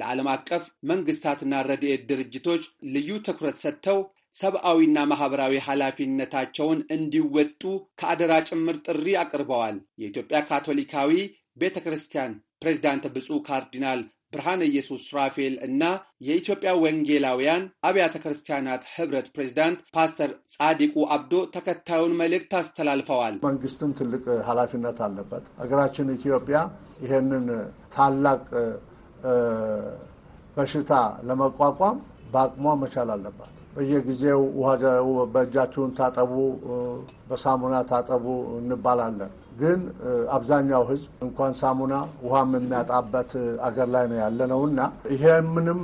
ለዓለም አቀፍ መንግስታትና ረድኤት ድርጅቶች ልዩ ትኩረት ሰጥተው ሰብአዊና ማህበራዊ ኃላፊነታቸውን እንዲወጡ ከአደራ ጭምር ጥሪ አቅርበዋል። የኢትዮጵያ ካቶሊካዊ ቤተ ክርስቲያን ፕሬዚዳንት ብፁዕ ካርዲናል ብርሃነ ኢየሱስ ራፌል እና የኢትዮጵያ ወንጌላውያን አብያተ ክርስቲያናት ህብረት ፕሬዚዳንት ፓስተር ጻዲቁ አብዶ ተከታዩን መልእክት አስተላልፈዋል።
መንግስትም ትልቅ ኃላፊነት አለበት። ሀገራችን ኢትዮጵያ ይህንን ታላቅ በሽታ ለመቋቋም በአቅሟ መቻል አለባት። በየጊዜው በእጃችሁን ታጠቡ፣ በሳሙና ታጠቡ እንባላለን ግን አብዛኛው ህዝብ እንኳን ሳሙና ውሃም የሚያጣበት አገር ላይ ነው ያለ እና ይሄምንም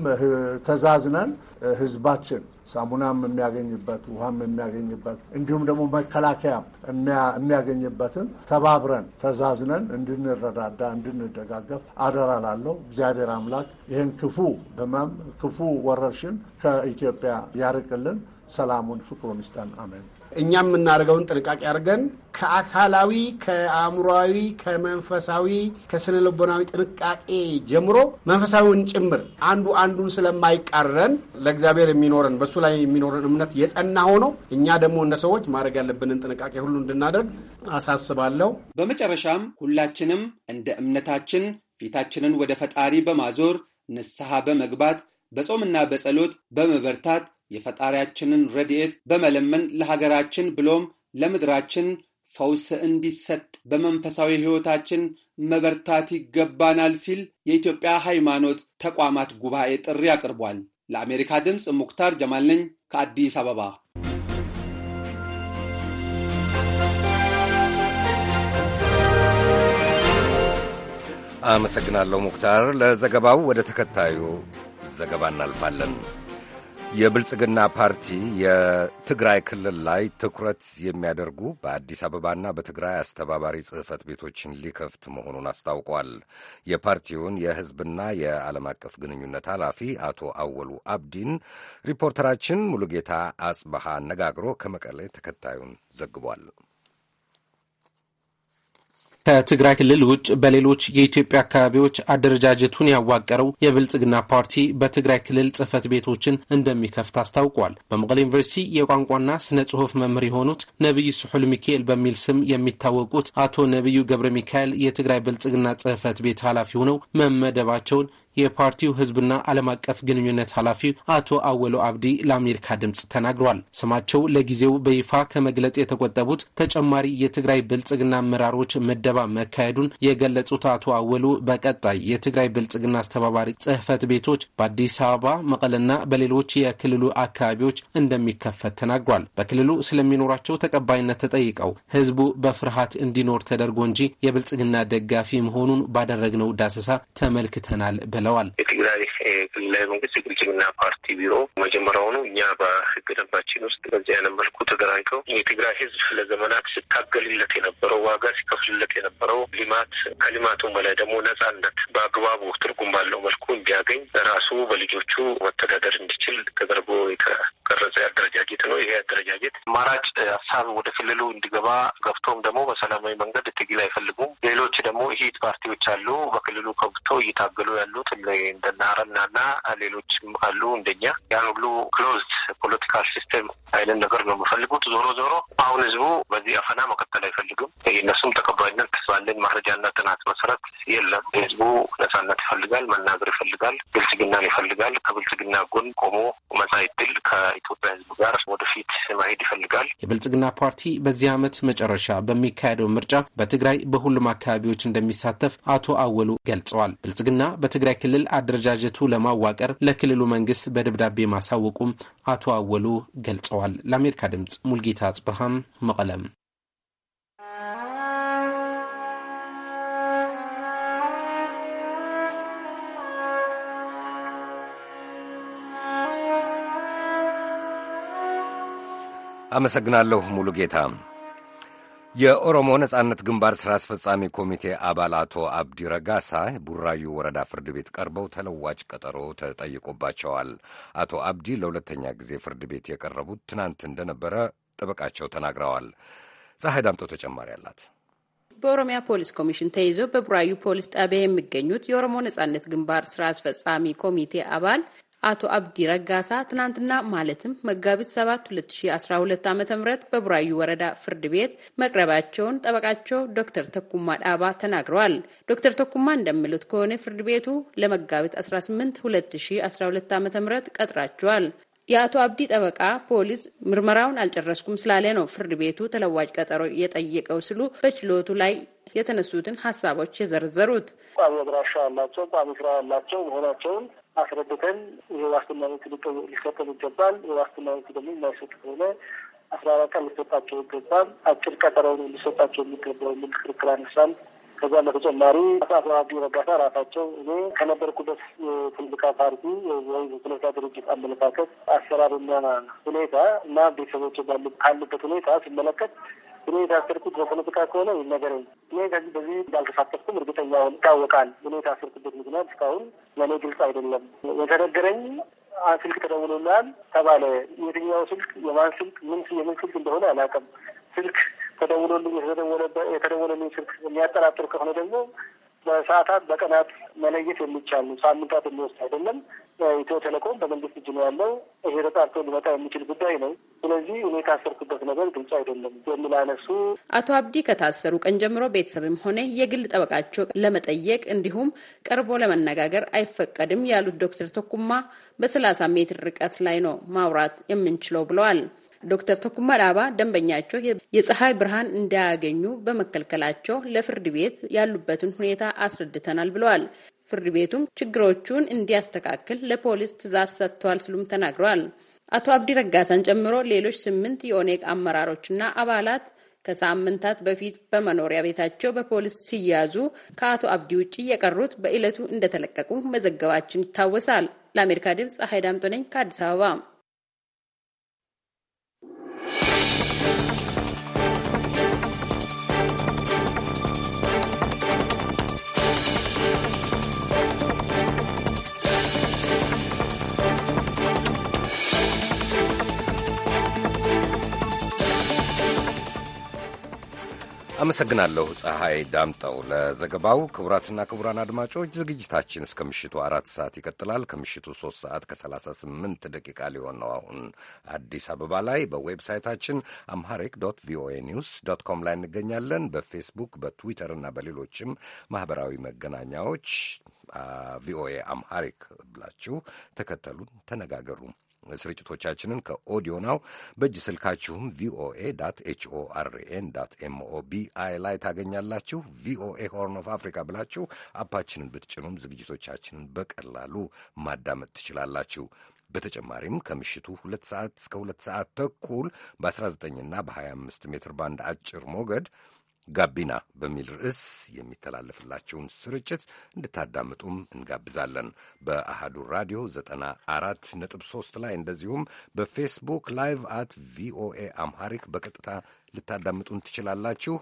ተዛዝነን ህዝባችን ሳሙናም የሚያገኝበት ውሃም የሚያገኝበት እንዲሁም ደግሞ መከላከያም የሚያገኝበትን ተባብረን ተዛዝነን እንድንረዳዳ እንድንደጋገፍ አደራ ላለው እግዚአብሔር አምላክ ይህን ክፉ ህመም ክፉ ወረርሽን ከኢትዮጵያ ያርቅልን፣ ሰላሙን ፍቅሩን ይስጠን። አሜን። እኛ የምናደርገውን
ጥንቃቄ አድርገን
ከአካላዊ፣
ከአእምሯዊ፣ ከመንፈሳዊ፣ ከስነልቦናዊ ጥንቃቄ ጀምሮ መንፈሳዊውን ጭምር አንዱ አንዱን ስለማይቃረን ለእግዚአብሔር የሚኖረን በሱ ላይ የሚኖረን እምነት
የጸና ሆኖ እኛ ደግሞ እንደ ሰዎች ማድረግ ያለብንን ጥንቃቄ ሁሉ እንድናደርግ አሳስባለሁ። በመጨረሻም ሁላችንም እንደ እምነታችን ፊታችንን ወደ ፈጣሪ በማዞር ንስሐ በመግባት በጾምና በጸሎት በመበርታት የፈጣሪያችንን ረድኤት በመለመን ለሀገራችን ብሎም ለምድራችን ፈውስ እንዲሰጥ በመንፈሳዊ ሕይወታችን መበርታት ይገባናል ሲል የኢትዮጵያ ሃይማኖት ተቋማት ጉባኤ ጥሪ አቅርቧል። ለአሜሪካ ድምፅ ሙክታር ጀማል ነኝ ከአዲስ አበባ።
አመሰግናለሁ ሙክታር ለዘገባው። ወደ ተከታዩ ዘገባ እናልፋለን። የብልጽግና ፓርቲ የትግራይ ክልል ላይ ትኩረት የሚያደርጉ በአዲስ አበባና በትግራይ አስተባባሪ ጽህፈት ቤቶችን ሊከፍት መሆኑን አስታውቋል። የፓርቲውን የህዝብና የዓለም አቀፍ ግንኙነት ኃላፊ አቶ አወሉ አብዲን ሪፖርተራችን ሙሉጌታ አጽበሃ አነጋግሮ ከመቀሌ ተከታዩን ዘግቧል።
ከትግራይ ክልል ውጭ በሌሎች የኢትዮጵያ አካባቢዎች አደረጃጀቱን ያዋቀረው የብልጽግና ፓርቲ በትግራይ ክልል ጽህፈት ቤቶችን እንደሚከፍት አስታውቋል። በመቀሌ ዩኒቨርሲቲ የቋንቋና ስነ ጽሁፍ መምህር የሆኑት ነቢዩ ስሑል ሚካኤል በሚል ስም የሚታወቁት አቶ ነቢዩ ገብረ ሚካኤል የትግራይ ብልጽግና ጽህፈት ቤት ኃላፊ ሆነው መመደባቸውን የፓርቲው ህዝብና ዓለም አቀፍ ግንኙነት ኃላፊ አቶ አወሎ አብዲ ለአሜሪካ ድምፅ ተናግሯል። ስማቸው ለጊዜው በይፋ ከመግለጽ የተቆጠቡት ተጨማሪ የትግራይ ብልጽግና አመራሮች ምደባ መካሄዱን የገለጹት አቶ አወሉ በቀጣይ የትግራይ ብልጽግና አስተባባሪ ጽህፈት ቤቶች በአዲስ አበባ፣ መቀለና በሌሎች የክልሉ አካባቢዎች እንደሚከፈት ተናግሯል። በክልሉ ስለሚኖራቸው ተቀባይነት ተጠይቀው ህዝቡ በፍርሃት እንዲኖር ተደርጎ እንጂ የብልጽግና ደጋፊ መሆኑን ባደረግነው ዳሰሳ ተመልክተናል ብለዋል። ብለዋል።
የትግራይ ክልላዊ መንግስት የብልጽግና ፓርቲ ቢሮ መጀመሪያውኑ እኛ በህገ ደንባችን ውስጥ በዚህ አይነት መልኩ ተደራጅተው የትግራይ ህዝብ ለዘመናት ሲታገልለት የነበረው ዋጋ ሲከፍልለት የነበረው ልማት ከልማቱም በላይ ደግሞ ነጻነት በአግባቡ ትርጉም ባለው መልኩ እንዲያገኝ ራሱ በልጆቹ መተዳደር እንዲችል ተደርጎ የተቀረጸ አደረጃጀት ነው። ይሄ አደረጃጀት አማራጭ ሀሳብ ወደ ክልሉ እንዲገባ ገብቶም ደግሞ በሰላማዊ መንገድ ትግል አይፈልጉም። ሌሎች ደግሞ ሂት ፓርቲዎች አሉ። በክልሉ ከብቶ እየታገሉ ያሉት እንደናረና ና ሌሎችም አሉ እንደኛ ያን ሁሉ ክሎዝድ ፖለቲካል ሲስተም አይነት ነገር ነው የምፈልጉት። ዞሮ ዞሮ አሁን ህዝቡ በዚህ አፈና መቀጠል አይፈልግም። የእነሱም ተቀባይነት ባለን መረጃና ጥናት መሰረት የለም። ህዝቡ ነጻነት ይፈልጋል፣ መናገር ይፈልጋል፣ ብልጽግናን ይፈልጋል። ከብልጽግና ጎን ቆሞ መጻኢ ዕድል ከኢትዮጵያ ህዝብ ጋር ወደፊት
ማሄድ ይፈልጋል። የብልጽግና ፓርቲ በዚህ ዓመት መጨረሻ በሚካሄደው ምርጫ በትግራይ በሁሉም አካባቢዎች እንደሚሳተፍ አቶ አወሉ ገልጸዋል። ብልጽግና በትግራይ ክልል አደረጃጀቱ ለማዋቀር ለክልሉ መንግስት በደብዳቤ ማሳወቁም አቶ አወሉ ገልጸዋል። ለአሜሪካ ድምፅ ሙልጌታ አጽብሃም መቀለም
አመሰግናለሁ ሙሉ ጌታ። የኦሮሞ ነጻነት ግንባር ሥራ አስፈጻሚ ኮሚቴ አባል አቶ አብዲ ረጋሳ ቡራዩ ወረዳ ፍርድ ቤት ቀርበው ተለዋጭ ቀጠሮ ተጠይቆባቸዋል። አቶ አብዲ ለሁለተኛ ጊዜ ፍርድ ቤት የቀረቡት ትናንት እንደነበረ ጠበቃቸው ተናግረዋል። ፀሐይ ዳምጦ ተጨማሪ አላት።
በኦሮሚያ ፖሊስ ኮሚሽን ተይዘው በቡራዩ ፖሊስ ጣቢያ የሚገኙት የኦሮሞ ነጻነት ግንባር ሥራ አስፈጻሚ ኮሚቴ አባል አቶ አብዲ ረጋሳ ትናንትና ማለትም መጋቢት 7 2012 ዓ ም በቡራዩ ወረዳ ፍርድ ቤት መቅረባቸውን ጠበቃቸው ዶክተር ተኩማ ዳባ ተናግረዋል። ዶክተር ተኩማ እንደሚሉት ከሆነ ፍርድ ቤቱ ለመጋቢት 18 2012 ዓ ም ቀጥራቸዋል። የአቶ አብዲ ጠበቃ ፖሊስ ምርመራውን አልጨረስኩም ስላለ ነው ፍርድ ቤቱ ተለዋጭ ቀጠሮ የጠየቀው ሲሉ በችሎቱ ላይ የተነሱትን ሀሳቦች የዘረዘሩት
ቋሚ አድራሻ አላቸው፣ ቋሚ ስራ አላቸው መሆናቸውን አስረድተን የዋስትና መብት ሊሰጠን ይገባል። የዋስትና መብት ደግሞ የማይሰጡ ከሆነ አስራ አራት ቀን ሊሰጣቸው ይገባል። አጭር ቀጠሮ ሊሰጣቸው የሚገባው የሚል ክርክር አነሳል። ከዛ በተጨማሪ አቶ አብዲ ረጋሳ ራሳቸው እኔ ከነበርኩበት የፖለቲካ ፓርቲ ወይ የፖለቲካ ድርጅት አመለካከት አሰራርና ሁኔታ እና ቤተሰቦች ካሉበት ሁኔታ ሲመለከት እኔ የታሰርኩት በፖለቲካ ከሆነ ይነገረኝ። እኔ ከዚህ በዚህ እንዳልተሳተፍኩም እርግጠኛውን ይታወቃል። እኔ የታሰርኩበት ምክንያት እስካሁን ለእኔ ግልጽ አይደለም። የተነገረኝ ስልክ ተደውሎልሃል ተባለ። የትኛው ስልክ፣ የማን ስልክ፣ ምን የምን ስልክ እንደሆነ አላውቅም። ስልክ ተደውሎልኝ የተደወለልኝ ስልክ የሚያጠራጥር ከሆነ ደግሞ በሰዓታት በቀናት መለየት የሚቻሉ ሳምንታት የሚወስድ አይደለም። ኢትዮ ቴሌኮም በመንግስት እጅ ነው ያለው። ይሄ ተጣርቶ ሊመጣ የሚችል ጉዳይ ነው። ስለዚህ እኔ ካሰርኩበት ነገር ግልጽ አይደለም የሚል አነሱ።
አቶ አብዲ ከታሰሩ ቀን ጀምሮ ቤተሰብም ሆነ የግል ጠበቃቸው ለመጠየቅ እንዲሁም ቀርቦ ለመነጋገር አይፈቀድም ያሉት ዶክተር ተኩማ በሰላሳ ሜትር ርቀት ላይ ነው ማውራት የምንችለው ብለዋል። ዶክተር ተኩማ ዳባ ደንበኛቸው የፀሐይ ብርሃን እንዳያገኙ በመከልከላቸው ለፍርድ ቤት ያሉበትን ሁኔታ አስረድተናል ብለዋል። ፍርድ ቤቱም ችግሮቹን እንዲያስተካክል ለፖሊስ ትዕዛዝ ሰጥቷል ሲሉም ተናግረዋል። አቶ አብዲ ረጋሳን ጨምሮ ሌሎች ስምንት የኦኔግ አመራሮችና አባላት ከሳምንታት በፊት በመኖሪያ ቤታቸው በፖሊስ ሲያዙ ከአቶ አብዲ ውጭ የቀሩት በዕለቱ እንደተለቀቁ መዘገባችን ይታወሳል። ለአሜሪካ ድምፅ ፀሐይ ዳምጦ ነኝ ከአዲስ አበባ።
አመሰግናለሁ ፀሐይ ዳምጠው ለዘገባው። ክቡራትና ክቡራን አድማጮች ዝግጅታችን እስከ ምሽቱ አራት ሰዓት ይቀጥላል። ከምሽቱ ሶስት ሰዓት ከሰላሳ ስምንት ደቂቃ ሊሆን ነው አሁን አዲስ አበባ ላይ። በዌብሳይታችን አምሃሪክ ዶት ቪኦኤ ኒውስ ዶት ኮም ላይ እንገኛለን። በፌስቡክ በትዊተር እና በሌሎችም ማህበራዊ መገናኛዎች ቪኦኤ አምሃሪክ ብላችሁ ተከተሉን፣ ተነጋገሩ። ስርጭቶቻችንን ከኦዲዮ ናው በእጅ ስልካችሁም ቪኦኤ ዳት ኤችኦአርኤን ዳት ላይ ታገኛላችሁ። ቪኦኤ ሆርን ኦፍ አፍሪካ ብላችሁ አፓችንን ብትጭኑም ዝግጅቶቻችንን በቀላሉ ማዳመጥ ትችላላችሁ። በተጨማሪም ከምሽቱ ሁለት ሰዓት እስከ ሁለት ሰዓት ተኩል በ19ና በ25 ሜትር ባንድ አጭር ሞገድ ጋቢና በሚል ርዕስ የሚተላለፍላችሁን ስርጭት እንድታዳምጡም እንጋብዛለን። በአሃዱ ራዲዮ 94.3 ላይ እንደዚሁም በፌስቡክ ላይቭ አት ቪኦኤ አምሃሪክ በቀጥታ ልታዳምጡን ትችላላችሁ።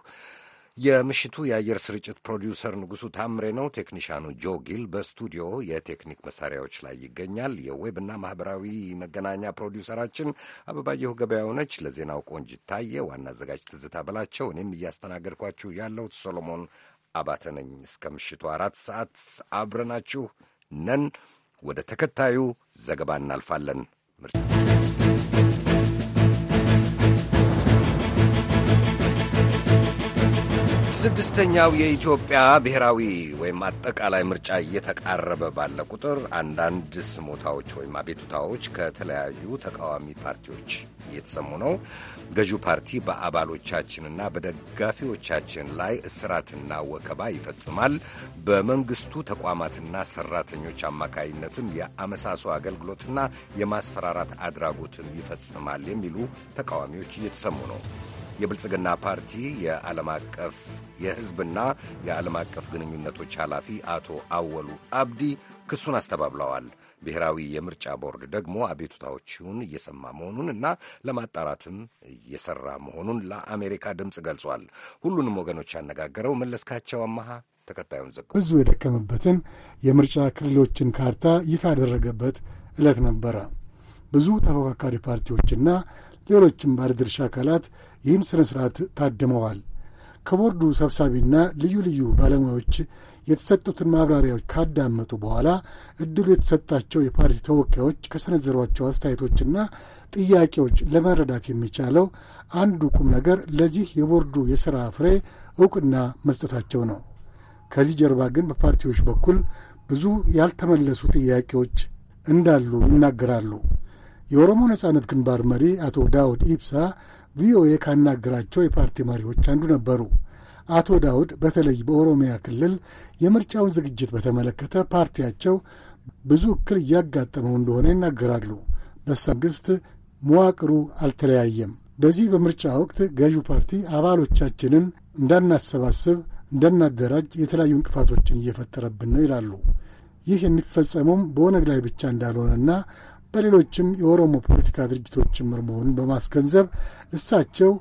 የምሽቱ የአየር ስርጭት ፕሮዲውሰር ንጉሱ ታምሬ ነው። ቴክኒሻኑ ጆ ጊል በስቱዲዮ የቴክኒክ መሳሪያዎች ላይ ይገኛል። የዌብና ማህበራዊ መገናኛ ፕሮዲውሰራችን አበባየሁ ገበያው ነች። ለዜናው ቆንጅ ታየ፣ ዋና አዘጋጅ ትዝታ በላቸው፣ እኔም እያስተናገድኳችሁ ያለሁት ሶሎሞን አባተ ነኝ። እስከ ምሽቱ አራት ሰዓት አብረናችሁ ነን። ወደ ተከታዩ ዘገባ እናልፋለን። ምርጫ ስድስተኛው የኢትዮጵያ ብሔራዊ ወይም አጠቃላይ ምርጫ እየተቃረበ ባለ ቁጥር አንዳንድ ስሞታዎች ወይም አቤቱታዎች ከተለያዩ ተቃዋሚ ፓርቲዎች እየተሰሙ ነው። ገዢው ፓርቲ በአባሎቻችንና በደጋፊዎቻችን ላይ እስራትና ወከባ ይፈጽማል። በመንግስቱ ተቋማትና ሰራተኞች አማካይነትም የአመሳሶ አገልግሎትና የማስፈራራት አድራጎትም ይፈጽማል የሚሉ ተቃዋሚዎች እየተሰሙ ነው። የብልጽግና ፓርቲ የዓለም አቀፍ የሕዝብና የዓለም አቀፍ ግንኙነቶች ኃላፊ አቶ አወሉ አብዲ ክሱን አስተባብለዋል። ብሔራዊ የምርጫ ቦርድ ደግሞ አቤቱታዎቹን እየሰማ መሆኑን እና ለማጣራትም እየሰራ መሆኑን ለአሜሪካ ድምፅ ገልጿል። ሁሉንም ወገኖች ያነጋገረው መለስካቸው አመሃ ተከታዩን ዘግ
ብዙ የደከመበትን የምርጫ ክልሎችን ካርታ ይፋ ያደረገበት ዕለት ነበረ። ብዙ ተፎካካሪ ፓርቲዎችና ሌሎችም ባለድርሻ አካላት ይህን ሥነ ሥርዓት ታድመዋል። ከቦርዱ ሰብሳቢና ልዩ ልዩ ባለሙያዎች የተሰጡትን ማብራሪያዎች ካዳመጡ በኋላ እድሉ የተሰጣቸው የፓርቲ ተወካዮች ከሰነዘሯቸው አስተያየቶችና ጥያቄዎች ለመረዳት የሚቻለው አንዱ ቁም ነገር ለዚህ የቦርዱ የሥራ ፍሬ ዕውቅና መስጠታቸው ነው። ከዚህ ጀርባ ግን በፓርቲዎች በኩል ብዙ ያልተመለሱ ጥያቄዎች እንዳሉ ይናገራሉ። የኦሮሞ ነጻነት ግንባር መሪ አቶ ዳውድ ኢብሳ ቪኦኤ ካናገራቸው የፓርቲ መሪዎች አንዱ ነበሩ። አቶ ዳውድ በተለይ በኦሮሚያ ክልል የምርጫውን ዝግጅት በተመለከተ ፓርቲያቸው ብዙ እክል እያጋጠመው እንደሆነ ይናገራሉ። በመንግስት መዋቅሩ አልተለያየም። በዚህ በምርጫ ወቅት ገዢው ፓርቲ አባሎቻችንን እንዳናሰባስብ፣ እንዳናደራጅ የተለያዩ እንቅፋቶችን እየፈጠረብን ነው ይላሉ። ይህ የሚፈጸመውም በኦነግ ላይ ብቻ እንዳልሆነና በሌሎችም የኦሮሞ ፖለቲካ ድርጅቶች ጭምር መሆኑን በማስገንዘብ እሳቸው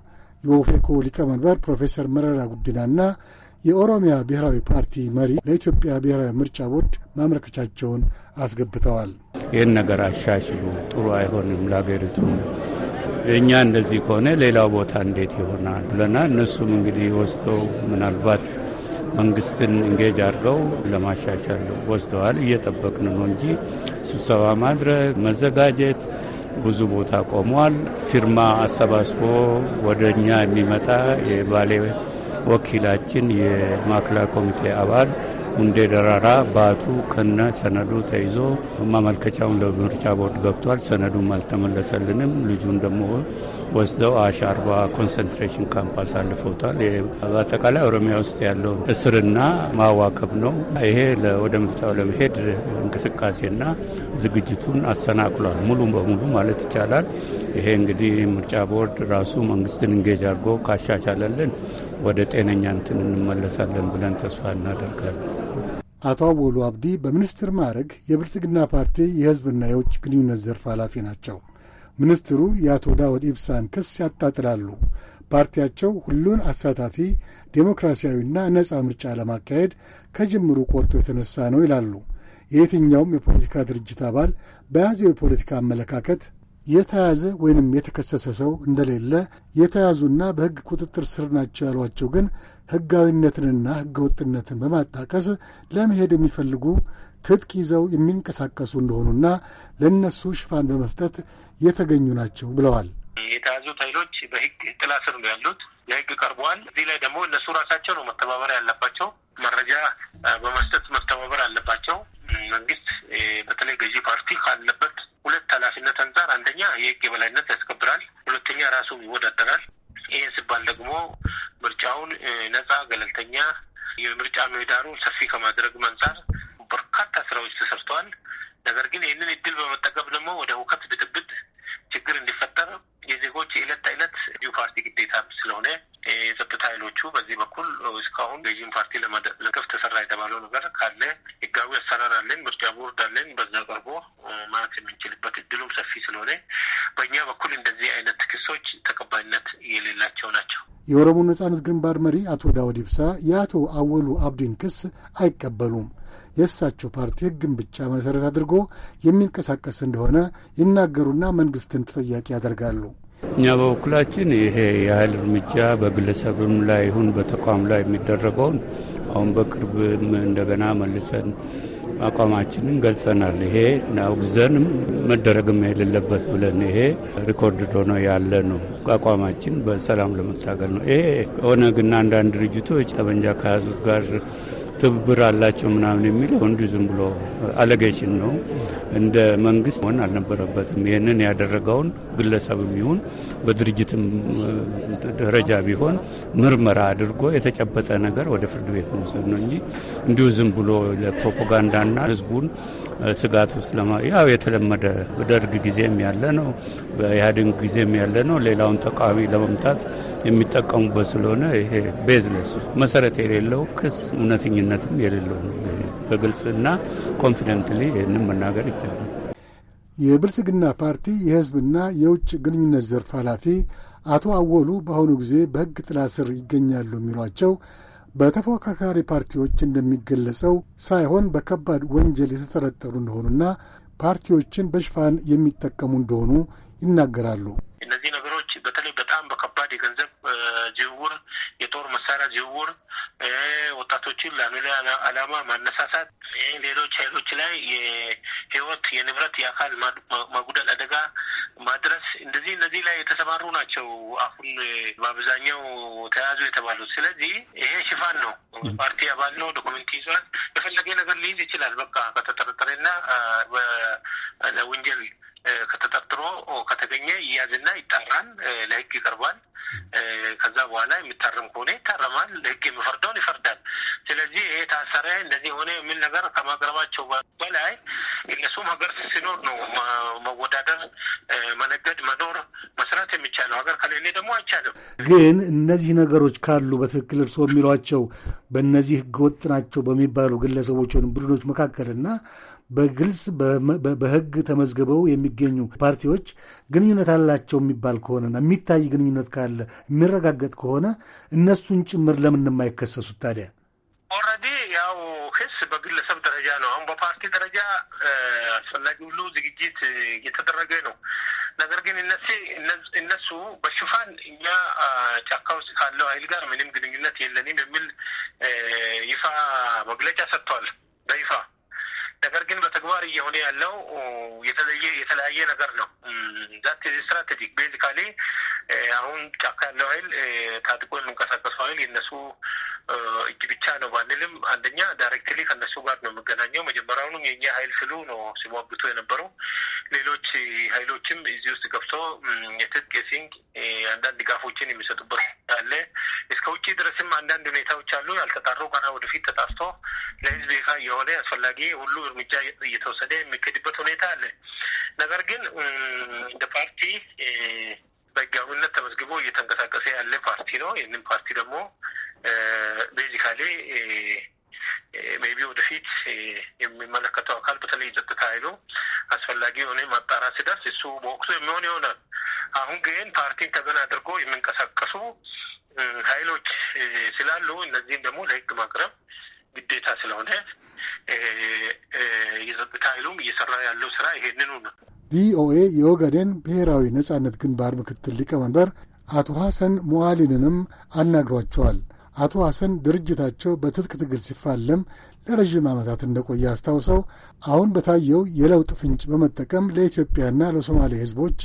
የኦፌኮ ሊቀመንበር ፕሮፌሰር መረራ ጉዲናና የኦሮሚያ ብሔራዊ ፓርቲ መሪ ለኢትዮጵያ ብሔራዊ ምርጫ ቦርድ ማመልከቻቸውን አስገብተዋል።
ይህን ነገር አሻሽሉ፣ ጥሩ አይሆንም ለአገሪቱ፣ እኛ እንደዚህ ከሆነ ሌላው ቦታ እንዴት ይሆናል ብለና እነሱም እንግዲህ ወስደው ምናልባት መንግስትን እንጌጅ አድርገው ለማሻሻል ወስደዋል። እየጠበቅን ነው እንጂ ስብሰባ ማድረግ መዘጋጀት ብዙ ቦታ ቆሟል። ፊርማ አሰባስቦ ወደ እኛ የሚመጣ የባሌ ወኪላችን የማዕከላዊ ኮሚቴ አባል ሁንዴ ደራራ ባቱ ከነ ሰነዱ ተይዞ ማመልከቻውን ለምርጫ ቦርድ ገብቷል። ሰነዱም አልተመለሰልንም። ልጁን ደግሞ ወስደው አሻ አርባ ኮንሰንትሬሽን ካምፕ አሳልፈውታል። በአጠቃላይ ኦሮሚያ ውስጥ ያለው እስርና ማዋከብ ነው። ይሄ ወደ ምርጫው ለመሄድ እንቅስቃሴና ዝግጅቱን አሰናክሏል፣ ሙሉ በሙሉ ማለት ይቻላል። ይሄ እንግዲህ ምርጫ ቦርድ ራሱ መንግስትን እንጌጅ አድርጎ ካሻሻለልን ወደ ጤነኛ እንትን እንመለሳለን ብለን ተስፋ እናደርጋለን።
አቶ አወሉ አብዲ በሚኒስትር ማዕረግ የብልጽግና ፓርቲ የህዝብና የውጭ ግንኙነት ዘርፍ ኃላፊ ናቸው። ሚኒስትሩ የአቶ ዳውድ ኢብሳን ክስ ያጣጥላሉ። ፓርቲያቸው ሁሉን አሳታፊ ዴሞክራሲያዊና ነጻ ምርጫ ለማካሄድ ከጅምሩ ቆርጦ የተነሳ ነው ይላሉ። የየትኛውም የፖለቲካ ድርጅት አባል በያዘው የፖለቲካ አመለካከት የተያዘ ወይንም የተከሰሰ ሰው እንደሌለ የተያዙና በሕግ ቁጥጥር ስር ናቸው ያሏቸው ግን ሕጋዊነትንና ሕገወጥነትን በማጣቀስ ለመሄድ የሚፈልጉ ትጥቅ ይዘው የሚንቀሳቀሱ እንደሆኑና ለእነሱ ሽፋን በመስጠት የተገኙ ናቸው ብለዋል። የተያዙት ኃይሎች በሕግ ጥላ ስር
ነው ያሉት። ለሕግ ቀርበዋል። እዚህ ላይ ደግሞ እነሱ ራሳቸው ነው መተባበር ያለባቸው የህግ የበላይነት ያስከብራል። ሁለተኛ ራሱም ይወዳደራል። ይህን ሲባል ደግሞ ምርጫውን ነጻ፣ ገለልተኛ የምርጫ ምህዳሩን ሰፊ ከማድረግ አንጻር በርካታ ስራዎች ተሰርተዋል። ነገር ግን ይህንን እድል በመጠቀም ደግሞ ወደ ሁከት፣ ብጥብጥ፣ ችግር እንዲፈጠር የዜጎች የዕለት ተዕለት ዩ ፓርቲ ግዴታ ስለሆነ የጸጥታ ኃይሎቹ በዚህ በኩል እስካሁን ገዥን ፓርቲ ለመደገፍ ተሰራ የተባለው ነገር ካለ
የኦሮሞ ነጻነት ግንባር መሪ አቶ ዳውድ ኢብሳ የአቶ አወሉ አብዲን ክስ አይቀበሉም። የእሳቸው ፓርቲ ሕግን ብቻ መሠረት አድርጎ የሚንቀሳቀስ እንደሆነ ይናገሩና መንግሥትን ተጠያቂ ያደርጋሉ።
እኛ በበኩላችን ይሄ የኃይል እርምጃ በግለሰብም ላይ ይሁን በተቋም ላይ የሚደረገውን አሁን በቅርብም እንደገና መልሰን አቋማችንን ገልጸናል። ይሄ አውግዘንም መደረግም የሌለበት ብለን ይሄ ሪኮርድ ሆኖ ያለ ነው። አቋማችን በሰላም ለመታገል ነው። ይሄ ኦነግና አንዳንድ ድርጅቶች ጠመንጃ ከያዙት ጋር ትብብር አላቸው ምናምን የሚለው እንዲሁ ዝም ብሎ አለጌሽን ነው። እንደ መንግስት ሆን አልነበረበትም። ይህንን ያደረገውን ግለሰብም ይሁን በድርጅትም ደረጃ ቢሆን ምርመራ አድርጎ የተጨበጠ ነገር ወደ ፍርድ ቤት መውሰድ ነው እንጂ እንዲሁ ዝም ብሎ ለፕሮፓጋንዳና ህዝቡን ስጋት ውስጥ ለማ ያው የተለመደ በደርግ ጊዜም ያለ ነው፣ በኢህአዴግ ጊዜም ያለ ነው። ሌላውን ተቃዋሚ ለመምታት የሚጠቀሙበት ስለሆነ ይሄ ቤዝነስ መሰረት የሌለው ክስ እውነተኝነትም የሌለው ነው። በግልጽና ኮንፊደንትሊ ይህንም መናገር
ይቻላል። የብልጽግና ፓርቲ የህዝብና የውጭ ግንኙነት ዘርፍ ኃላፊ አቶ አወሉ በአሁኑ ጊዜ በህግ ጥላ ስር ይገኛሉ የሚሏቸው በተፎካካሪ ፓርቲዎች እንደሚገለጸው ሳይሆን በከባድ ወንጀል የተጠረጠሩ እንደሆኑና ፓርቲዎችን በሽፋን የሚጠቀሙ እንደሆኑ ይናገራሉ። እነዚህ
ነገሮች በተለይ በጣም በከባድ የገንዘብ ዝውውር፣ የጦር መሳሪያ ዝውውር፣ ወጣቶችን ለሌላ አላማ ማነሳሳት፣ ሌሎች ኃይሎች ላይ የህይወት፣ የንብረት፣ የአካል ማጉደል አደጋ ማድረስ እንደዚህ እነዚህ ላይ የተሰማሩ ናቸው። አሁን በአብዛኛው ተያዙ የተባሉት። ስለዚህ ይሄ ሽፋን ነው። ፓርቲ አባል ነው፣ ዶኩመንት ይዟል፣ የፈለገ ነገር ሊይዝ ይችላል። በቃ ከተጠረጠረና ለወንጀል ከተጠርጥሮ ከተገኘ ይያዝና ይጣራል፣ ለህግ ይቀርባል። ከዛ በኋላ የሚታረም ከሆነ ይታረማል፣ ህግ የሚፈርደውን ይፈርዳል። ስለዚህ ይሄ ታሰረ እንደዚህ ሆነ የሚል ነገር ከማቅረባቸው በላይ እነሱም ሀገር ሲኖር ነው መወዳደር፣
መነገድ፣ መኖር፣ መስራት የሚቻለው። ሀገር ከሌለ ደግሞ አይቻልም። ግን እነዚህ ነገሮች ካሉ በትክክል እርስዎ የሚሏቸው በእነዚህ ህገወጥ ናቸው በሚባሉ ግለሰቦች ወይም ቡድኖች መካከልና በግልጽ በህግ ተመዝግበው የሚገኙ ፓርቲዎች ግንኙነት አላቸው የሚባል ከሆነና የሚታይ ግንኙነት ካለ የሚረጋገጥ ከሆነ እነሱን ጭምር ለምን የማይከሰሱት ታዲያ?
ኦልሬዲ ያው ክስ በግለሰብ ደረጃ ነው። አሁን
በፓርቲ ደረጃ
አስፈላጊ ሁሉ ዝግጅት እየተደረገ ነው። ነገር ግን እነሱ በሽፋን እኛ ጫካ ውስጥ ካለው ኃይል ጋር ምንም ግንኙነት የለንም የሚል ይፋ መግለጫ ሰጥቷል በይፋ ነገር ግን በተግባር እየሆነ ያለው የተለየ የተለያየ ነገር ነው። ዛት ስትራቴጂክ ቤዚካሊ አሁን ጫካ ያለው ኃይል ታጥቆ የሚንቀሳቀሱ ኃይል የነሱ እጅ ብቻ ነው ባንልም፣ አንደኛ ዳይሬክትሊ ከነሱ ጋር ነው የምገናኘው። መጀመሪያውኑ የኛ ሀይል ስሉ ነው ሲሟግቱ የነበረው። ሌሎች ሀይሎችም እዚህ ውስጥ ገብቶ የትጥቅ የሲንግ አንዳንድ ድጋፎችን የሚሰጡበት አለ። እስከ ውጭ ድረስም አንዳንድ ሁኔታዎች አሉ ያልተጣሩ ጋራ ወደፊት ተጣስቶ ለህዝብ ይፋ የሆነ አስፈላጊ ሁሉ እርምጃ እየተወሰደ የሚካሄድበት ሁኔታ አለ። ነገር ግን እንደ ፓርቲ በህጋዊነት ተመዝግቦ እየተንቀሳቀሰ ያለ ፓርቲ ነው። ይህንን ፓርቲ ደግሞ ቤዚካሌ ሜቢ ወደፊት የሚመለከተው አካል በተለይ ጸጥታ ኃይሉ አስፈላጊ የሆነ ማጣራት ሲደርስ እሱ በወቅቱ የሚሆን ይሆናል። አሁን ግን ፓርቲን ተገን አድርጎ የሚንቀሳቀሱ ኃይሎች ስላሉ እነዚህን ደግሞ ለህግ ማቅረብ ግዴታ ስለሆነ የጸጥታ ኃይሉም እየሰራ
ያለው ስራ ይሄንኑ
ነው። ቪኦኤ የኦጋዴን ብሔራዊ ነጻነት ግንባር ምክትል ሊቀመንበር አቶ ሐሰን ሞዓሊንንም አናግሯቸዋል። አቶ ሐሰን ድርጅታቸው በትጥቅ ትግል ሲፋለም ለረዥም ዓመታት እንደቆየ አስታውሰው አሁን በታየው የለውጥ ፍንጭ በመጠቀም ለኢትዮጵያና ለሶማሌ ሕዝቦች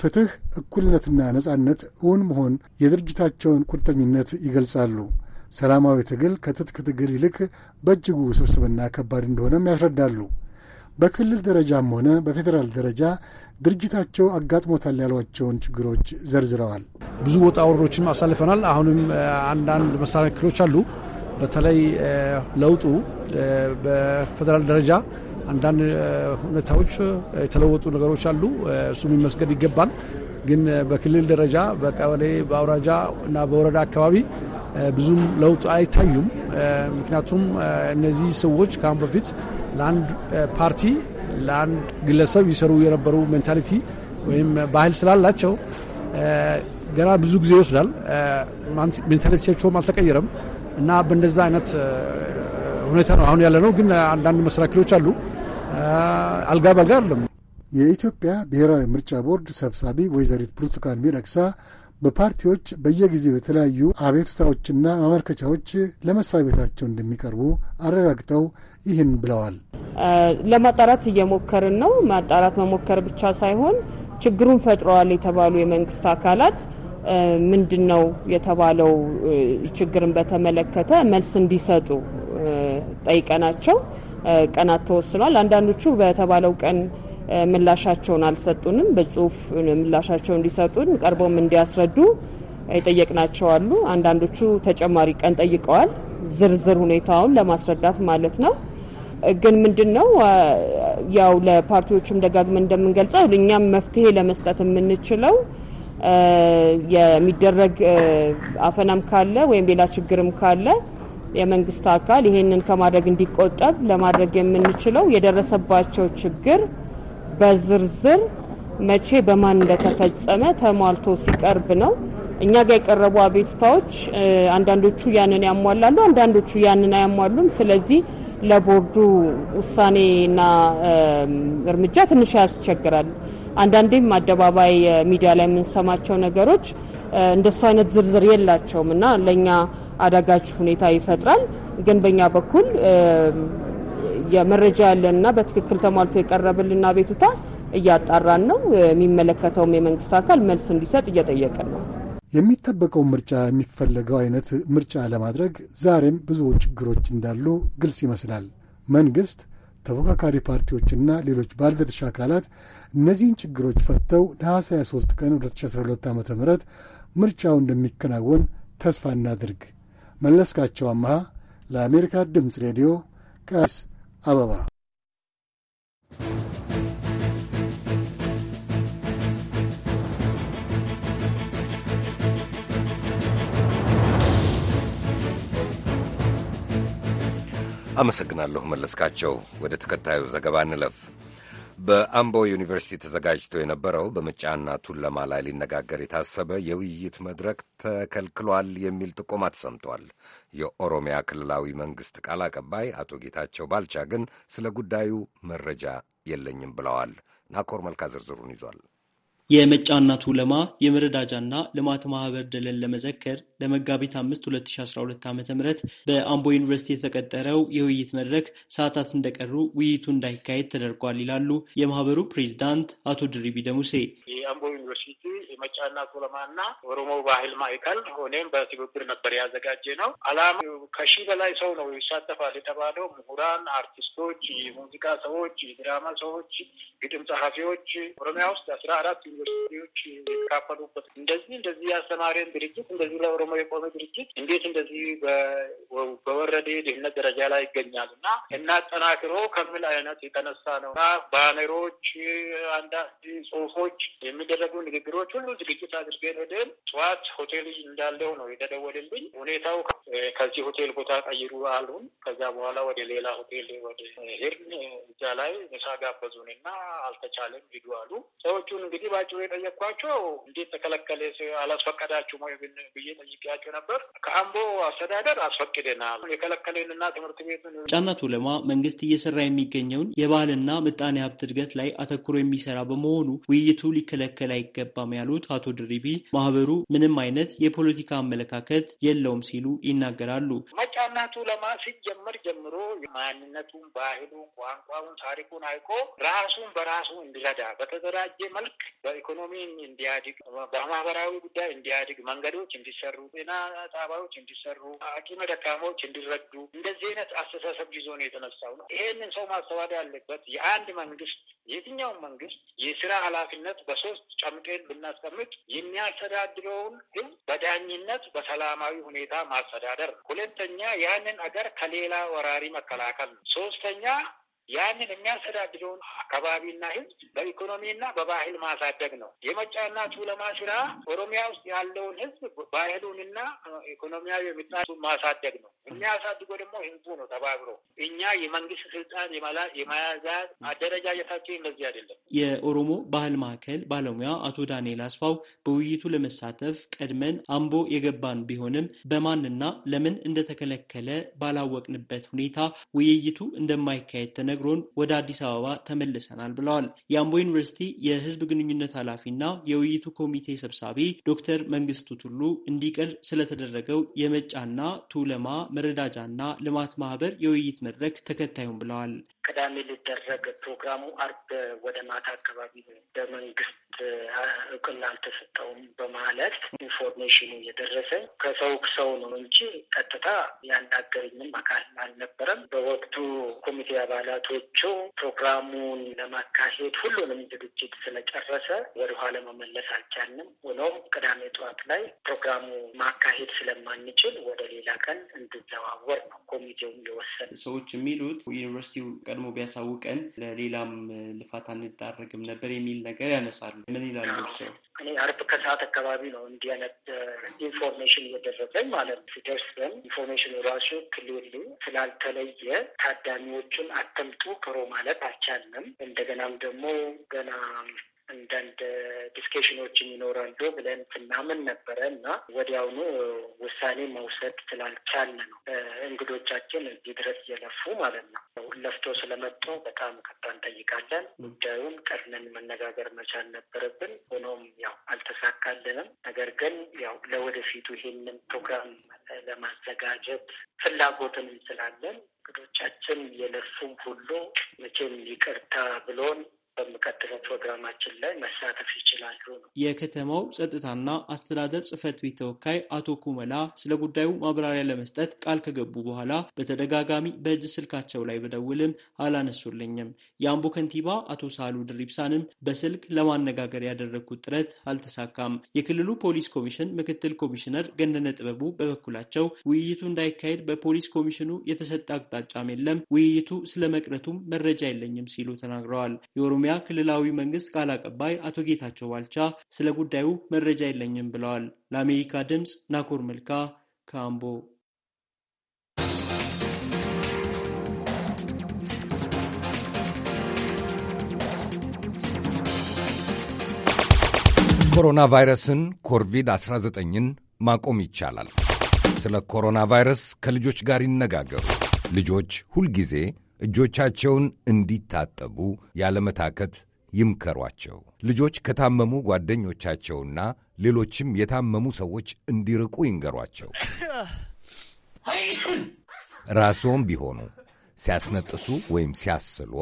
ፍትሕ፣ እኩልነትና ነጻነት እውን መሆን የድርጅታቸውን ቁርጠኝነት ይገልጻሉ። ሰላማዊ ትግል ከትጥቅ ትግል ይልቅ በእጅጉ ውስብስብና ከባድ እንደሆነም ያስረዳሉ። በክልል ደረጃም ሆነ በፌዴራል ደረጃ ድርጅታቸው አጋጥሞታል ያሏቸውን ችግሮች ዘርዝረዋል። ብዙ ወጣ ወረዶችም አሳልፈናል። አሁንም አንዳንድ መሳሪያ ክሎች አሉ።
በተለይ ለውጡ በፌዴራል ደረጃ አንዳንድ ሁኔታዎች የተለወጡ ነገሮች አሉ። እሱም ይመስገን ይገባል። ግን eh, በክልል ደረጃ በቀበሌ በአውራጃ እና በወረዳ አካባቢ eh, ብዙም ለውጥ አይታዩም። eh, ምክንያቱም እነዚህ ሰዎች ከአሁን በፊት ለአንድ ፓርቲ ለአንድ ግለሰብ ይሰሩ የነበሩ ሜንታሊቲ ወይም ባህል ስላላቸው ገና ብዙ ጊዜ ይወስዳል። ሜንታሊቲያቸውም አልተቀየረም እና በእንደዛ
አይነት ሁኔታ ነው አሁን ያለ ነው። ግን አንዳንድ መሰናክሎች አሉ። አልጋ በልጋ አይደለም። የኢትዮጵያ ብሔራዊ ምርጫ ቦርድ ሰብሳቢ ወይዘሪት ብርቱካን ሚደቅሳ በፓርቲዎች በየጊዜው የተለያዩ አቤቱታዎችና ማመልከቻዎች ለመስሪያ ቤታቸው እንደሚቀርቡ አረጋግጠው ይህን ብለዋል።
ለማጣራት እየሞከርን ነው። ማጣራት መሞከር ብቻ ሳይሆን ችግሩን ፈጥረዋል የተባሉ የመንግስት አካላት ምንድን ነው የተባለው ችግርን በተመለከተ መልስ እንዲሰጡ ጠይቀናቸው ቀናት ተወስኗል። አንዳንዶቹ በተባለው ቀን ምላሻቸውን አልሰጡንም። በጽሁፍ ምላሻቸው እንዲሰጡን ቀርቦም እንዲያስረዱ የጠየቅናቸው አሉ። አንዳንዶቹ ተጨማሪ ቀን ጠይቀዋል፣ ዝርዝር ሁኔታውን ለማስረዳት ማለት ነው። ግን ምንድን ነው ያው ለፓርቲዎችም ደጋግመን እንደምንገልጸው እኛም መፍትሄ ለመስጠት የምንችለው የሚደረግ አፈናም ካለ ወይም ሌላ ችግርም ካለ የመንግስት አካል ይሄንን ከማድረግ እንዲቆጠብ ለማድረግ የምንችለው የደረሰባቸው ችግር በዝርዝር መቼ በማን እንደተፈጸመ ተሟልቶ ሲቀርብ ነው። እኛ ጋር የቀረቡ አቤቱታዎች አንዳንዶቹ ያንን ያሟላሉ፣ አንዳንዶቹ ያንን አያሟሉም። ስለዚህ ለቦርዱ ውሳኔና እርምጃ ትንሽ ያስቸግራል። አንዳንዴም አደባባይ ሚዲያ ላይ የምንሰማቸው ነገሮች እንደሱ አይነት ዝርዝር የላቸውም እና ለእኛ አዳጋች ሁኔታ ይፈጥራል። ግን በእኛ በኩል የመረጃ ያለንና በትክክል ተሟልቶ የቀረበልን አቤቱታ እያጣራን ነው። የሚመለከተውም የመንግስት አካል መልስ እንዲሰጥ እየጠየቅን ነው።
የሚጠበቀው ምርጫ የሚፈለገው አይነት ምርጫ ለማድረግ ዛሬም ብዙ ችግሮች እንዳሉ ግልጽ ይመስላል። መንግስት፣ ተፎካካሪ ፓርቲዎችና ሌሎች ባለድርሻ አካላት እነዚህን ችግሮች ፈተው ነሐሴ 23 ቀን 2012 ዓ ም ምርጫው እንደሚከናወን ተስፋ እናድርግ። መለስካቸው አመሃ ለአሜሪካ ድምፅ ሬዲዮ ከአዲስ አበባ
አመሰግናለሁ መለስካቸው። ወደ ተከታዩ ዘገባ እንለፍ። በአምቦ ዩኒቨርሲቲ ተዘጋጅቶ የነበረው በምጫና ቱለማ ላይ ሊነጋገር የታሰበ የውይይት መድረክ ተከልክሏል የሚል ጥቆማ ተሰምቷል። የኦሮሚያ ክልላዊ መንግስት ቃል አቀባይ አቶ ጌታቸው ባልቻ ግን ስለ ጉዳዩ መረጃ የለኝም ብለዋል። ናኮር መልካ ዝርዝሩን ይዟል።
የመጫና ቱለማ የመረዳጃና ልማት ማህበር ደለል ለመዘከር ለመጋቢት 5 2012 ዓ ም በአምቦ ዩኒቨርሲቲ የተቀጠረው የውይይት መድረክ ሰዓታት እንደቀሩ ውይይቱ እንዳይካሄድ ተደርጓል ይላሉ የማህበሩ ፕሬዚዳንት አቶ ድሪቢ ደሙሴ።
የአምቦ ዩኒቨርሲቲ የመጫና ቱለማና ኦሮሞ ባህል ማዕከል ሆኔም በትብብር ነበር ያዘጋጀ ነው። አላማ ከሺህ በላይ ሰው ነው ይሳተፋል የተባለው ምሁራን፣ አርቲስቶች፣ የሙዚቃ ሰዎች፣ የድራማ ሰዎች፣ ግጥም ጸሐፊዎች ኦሮሚያ ውስጥ አስራ አራት ዩኒቨርሲቲዎች የተካፈሉበት እንደዚህ እንደዚህ የአስተማሪን ድርጅት እንደዚህ ለኦሮሞ የቆመ ድርጅት እንዴት እንደዚህ በወረደ ድህነት ደረጃ ላይ ይገኛል እና እናጠናክሮ ከሚል አይነት የተነሳ ነው እና ባነሮች፣ አንዳንድ ጽሁፎች፣ የሚደረጉ ንግግሮች ሁሉ ዝግጅት አድርገን ሄደን ጠዋት ሆቴል እንዳለው ነው የተደወልልኝ። ሁኔታው ከዚህ ሆቴል ቦታ ቀይሩ አሉን። ከዛ በኋላ ወደ ሌላ ሆቴል ወደ ሄድን። እዛ ላይ ምሳ ጋበዙን እና አልተቻለም ሂዱ አሉ ሰዎቹን እንግዲህ ጥያቄው የጠየቅኳቸው እንዴት ተከለከለ አላስፈቀዳችሁም ወይ ብዬ ጠይቄያቸው ነበር። ከአምቦ አስተዳደር አስፈቅደናል የከለከለንና ትምህርት ቤቱን
ጫናቱ ለማ መንግስት እየሰራ የሚገኘውን የባህልና ምጣኔ ሀብት እድገት ላይ አተኩሮ የሚሰራ በመሆኑ ውይይቱ ሊከለከል አይገባም ያሉት አቶ ድሪቢ ማህበሩ ምንም አይነት የፖለቲካ አመለካከት የለውም ሲሉ ይናገራሉ።
መጫናቱ ለማ ሲጀመር ጀምሮ ማንነቱን፣ ባህሉን፣ ቋንቋውን፣ ታሪኩን አይቆ ራሱን በራሱ እንዲረዳ በተደራጀ መልክ በኢኮኖሚ እንዲያድግ፣ በማህበራዊ ጉዳይ እንዲያድግ፣ መንገዶች እንዲሰሩ፣ ጤና ጣቢያዎች እንዲሰሩ፣ አቅመ ደካሞች እንዲረዱ፣ እንደዚህ አይነት አስተሳሰብ ይዞ ነው የተነሳው ነው። ይሄንን ሰው ማስተዋል ያለበት የአንድ መንግስት የትኛውን መንግስት የስራ ኃላፊነት በሶስት ጨምቄን ብናስቀምጥ የሚያስተዳድረውን ግን በዳኝነት በሰላማዊ ሁኔታ ማስተዳደር፣ ሁለተኛ ያንን አገር ከሌላ ወራሪ መከላከል ነው። ሶስተኛ ያንን የሚያስተዳድረውን አካባቢና ህዝብ በኢኮኖሚና በባህል ማሳደግ ነው። የመጫና ቱለማ ስራ ኦሮሚያ ውስጥ ያለውን ህዝብ ባህሉንና ኢኮኖሚያዊ የሚጣሱ ማሳደግ ነው። የሚያሳድጎ ደግሞ ህዝቡ ነው። ተባብሮ እኛ የመንግስት ስልጣን የመያዛት አደረጃጀታቸው
እንደዚህ አይደለም።
የኦሮሞ ባህል ማዕከል ባለሙያ አቶ ዳንኤል አስፋው በውይይቱ ለመሳተፍ ቀድመን አምቦ የገባን ቢሆንም በማንና ለምን እንደተከለከለ ባላወቅንበት ሁኔታ ውይይቱ እንደማይካሄድ ተነግ ነግሮን ወደ አዲስ አበባ ተመልሰናል ብለዋል። የአምቦ ዩኒቨርሲቲ የህዝብ ግንኙነት ኃላፊና የውይይቱ ኮሚቴ ሰብሳቢ ዶክተር መንግስቱ ቱሉ እንዲቀር ስለተደረገው የመጫና ቱለማ መረዳጃና ልማት ማህበር የውይይት መድረክ ተከታዩም ብለዋል።
ቅዳሜ ሊደረግ ፕሮግራሙ አርብ ወደ ማታ አካባቢ በመንግስት እውቅና አልተሰጠውም በማለት ኢንፎርሜሽኑ እየደረሰ ከሰው ሰው ነው እንጂ ቀጥታ ያናገረኝም አካል አልነበረም። በወቅቱ ኮሚቴ አባላቶቹ ፕሮግራሙን ለማካሄድ ሁሉንም ዝግጅት ስለጨረሰ ወደኋላ መመለስ አልቻልንም። ሆኖም ቅዳሜ ጠዋት ላይ ፕሮግራሙ ማካሄድ ስለማንችል ወደ ሌላ ቀን እንድዘዋወር ነው ኮሚቴውም
የወሰነ። ሰዎች የሚሉት ዩኒቨርሲቲው ቀድሞ ቢያሳውቀን ለሌላም ልፋት አንዳረግም ነበር የሚል ነገር ያነሳሉ። ምን ይላሉ?
እኔ አርብ ከሰዓት አካባቢ ነው እንዲህ አይነት ኢንፎርሜሽን እየደረሰኝ ማለት ሲደርስን ኢንፎርሜሽን ራሱ ክልሉ ስላልተለየ ታዳሚዎቹን አተምጡ ክሮ ማለት አልቻልንም። እንደገናም ደግሞ ገና አንዳንድ ዲስኬሽኖች ይኖራሉ ብለን ስናምን ነበረ እና ወዲያውኑ ውሳኔ መውሰድ ስላልቻለ ነው እንግዶቻችን እዚህ ድረስ እየለፉ ማለት ነው። ለፍቶ ስለመጡ በጣም ከታ እንጠይቃለን። ጉዳዩን ቀድመን መነጋገር መቻል ነበረብን። ሆኖም ያው አልተሳካልንም። ነገር ግን ያው ለወደፊቱ ይህንን ፕሮግራም ለማዘጋጀት ፍላጎትን እንስላለን። እንግዶቻችን የለፉም ሁሉ መቼም ይቅርታ ብሎን በሚቀጥለው ፕሮግራማችን ላይ መሳተፍ ይችላሉ ነው።
የከተማው ጸጥታና አስተዳደር ጽህፈት ቤት ተወካይ አቶ ኩመላ ስለ ጉዳዩ ማብራሪያ ለመስጠት ቃል ከገቡ በኋላ በተደጋጋሚ በእጅ ስልካቸው ላይ በደውልም አላነሱልኝም። የአምቦ ከንቲባ አቶ ሳሉ ድሪብሳንም በስልክ ለማነጋገር ያደረግኩት ጥረት አልተሳካም። የክልሉ ፖሊስ ኮሚሽን ምክትል ኮሚሽነር ገነነ ጥበቡ በበኩላቸው ውይይቱ እንዳይካሄድ በፖሊስ ኮሚሽኑ የተሰጠ አቅጣጫም የለም፣ ውይይቱ ስለ መቅረቱም መረጃ የለኝም ሲሉ ተናግረዋል። የኦሮሚያ የኦሮሚያ ክልላዊ መንግስት ቃል አቀባይ አቶ ጌታቸው ባልቻ ስለ ጉዳዩ መረጃ የለኝም ብለዋል። ለአሜሪካ ድምፅ ናኮር መልካ ከአምቦ
ኮሮና ቫይረስን ኮቪድ-19ን ማቆም ይቻላል። ስለ ኮሮና ቫይረስ ከልጆች ጋር ይነጋገሩ። ልጆች ሁልጊዜ እጆቻቸውን እንዲታጠቡ ያለመታከት ይምከሯቸው። ልጆች ከታመሙ ጓደኞቻቸውና ሌሎችም የታመሙ ሰዎች እንዲርቁ ይንገሯቸው። ራስዎም ቢሆኑ ሲያስነጥሱ ወይም ሲያስሎ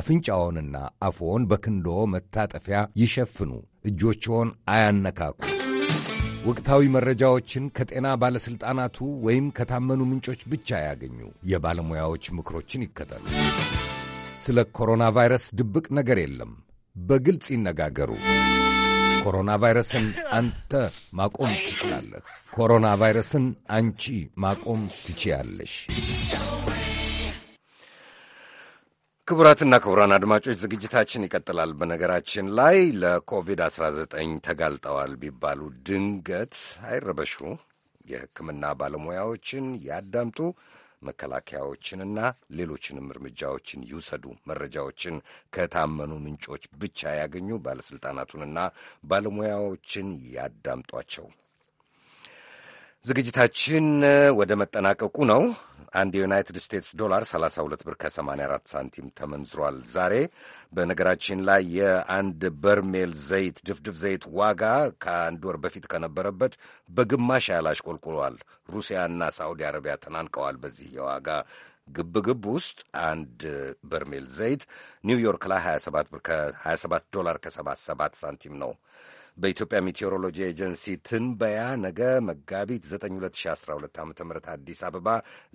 አፍንጫዎንና አፎን በክንዶ መታጠፊያ ይሸፍኑ። እጆችዎን አያነካኩ። ወቅታዊ መረጃዎችን ከጤና ባለሥልጣናቱ ወይም ከታመኑ ምንጮች ብቻ ያገኙ። የባለሙያዎች ምክሮችን ይከተሉ። ስለ ኮሮና ቫይረስ ድብቅ ነገር የለም፣ በግልጽ ይነጋገሩ። ኮሮና ቫይረስን አንተ ማቆም ትችላለህ። ኮሮና ቫይረስን አንቺ ማቆም ትችያለሽ። ክቡራትና ክቡራን አድማጮች ዝግጅታችን ይቀጥላል። በነገራችን ላይ ለኮቪድ-19 ተጋልጠዋል ቢባሉ ድንገት አይረበሹ። የሕክምና ባለሙያዎችን ያዳምጡ፣ መከላከያዎችንና ሌሎችንም እርምጃዎችን ይውሰዱ። መረጃዎችን ከታመኑ ምንጮች ብቻ ያገኙ። ባለሥልጣናቱንና ባለሙያዎችን ያዳምጧቸው። ዝግጅታችን ወደ መጠናቀቁ ነው። አንድ የዩናይትድ ስቴትስ ዶላር 32 ብር ከ84 ሳንቲም ተመንዝሯል። ዛሬ በነገራችን ላይ የአንድ በርሜል ዘይት ድፍድፍ ዘይት ዋጋ ከአንድ ወር በፊት ከነበረበት በግማሽ ያህል አሽቆልቁሏል። ሩሲያና ሳዑዲ አረቢያ ተናንቀዋል። በዚህ የዋጋ ግብግብ ውስጥ አንድ በርሜል ዘይት ኒውዮርክ ላይ 27 ዶላር ከ77 ሳንቲም ነው። በኢትዮጵያ ሜቴሮሎጂ ኤጀንሲ ትንበያ ነገ መጋቢት 9 2012 ዓ ም አዲስ አበባ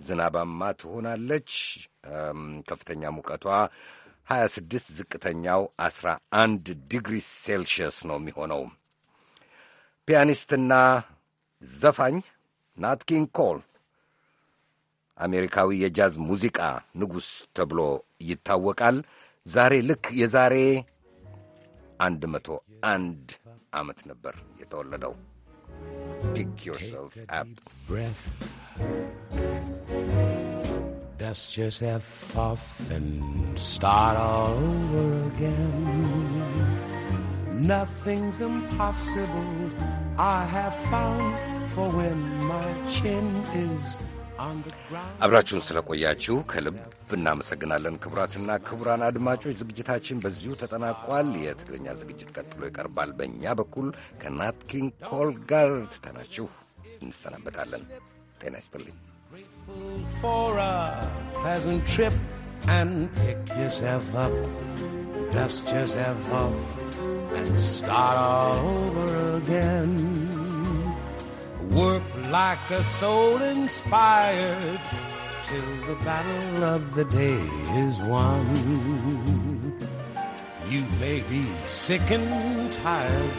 ዝናባማ ትሆናለች። ከፍተኛ ሙቀቷ 26፣ ዝቅተኛው 11 ዲግሪ ሴልሽየስ ነው የሚሆነው። ፒያኒስትና ዘፋኝ ናት ኮል አሜሪካዊ የጃዝ ሙዚቃ ንጉሥ ተብሎ ይታወቃል። ዛሬ ልክ የዛሬ 101 ዓመት ነበር የተወለደው። ፒክ ዮርሰልፍ አፕ
Dust yourself off and start all over again.
Nothing's impossible I have found for when my chin is
አብራችሁን ስለቆያችሁ ከልብ እናመሰግናለን። ክቡራትና ክቡራን አድማጮች ዝግጅታችን በዚሁ ተጠናቋል። የትግርኛ ዝግጅት ቀጥሎ ይቀርባል። በእኛ በኩል ከናት ኪንግ ኮል ጋር ትተናችሁ እንሰናበታለን። ጤና ይስጥልኝ። dust yourself off and start all over again Work like a soul inspired till the battle of the day is won. You may be sick and tired,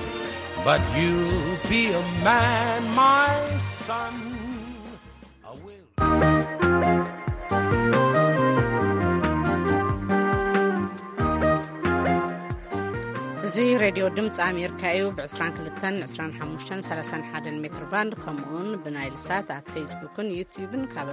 but you'll be a
man, my son.
እዚ ሬድዮ ድምፂ ኣሜሪካ እዩ ብ 31 ሜትር ባንድ ከምኡውን ብናይልሳት ኣብ ፌስቡክን ዩትብን ካብ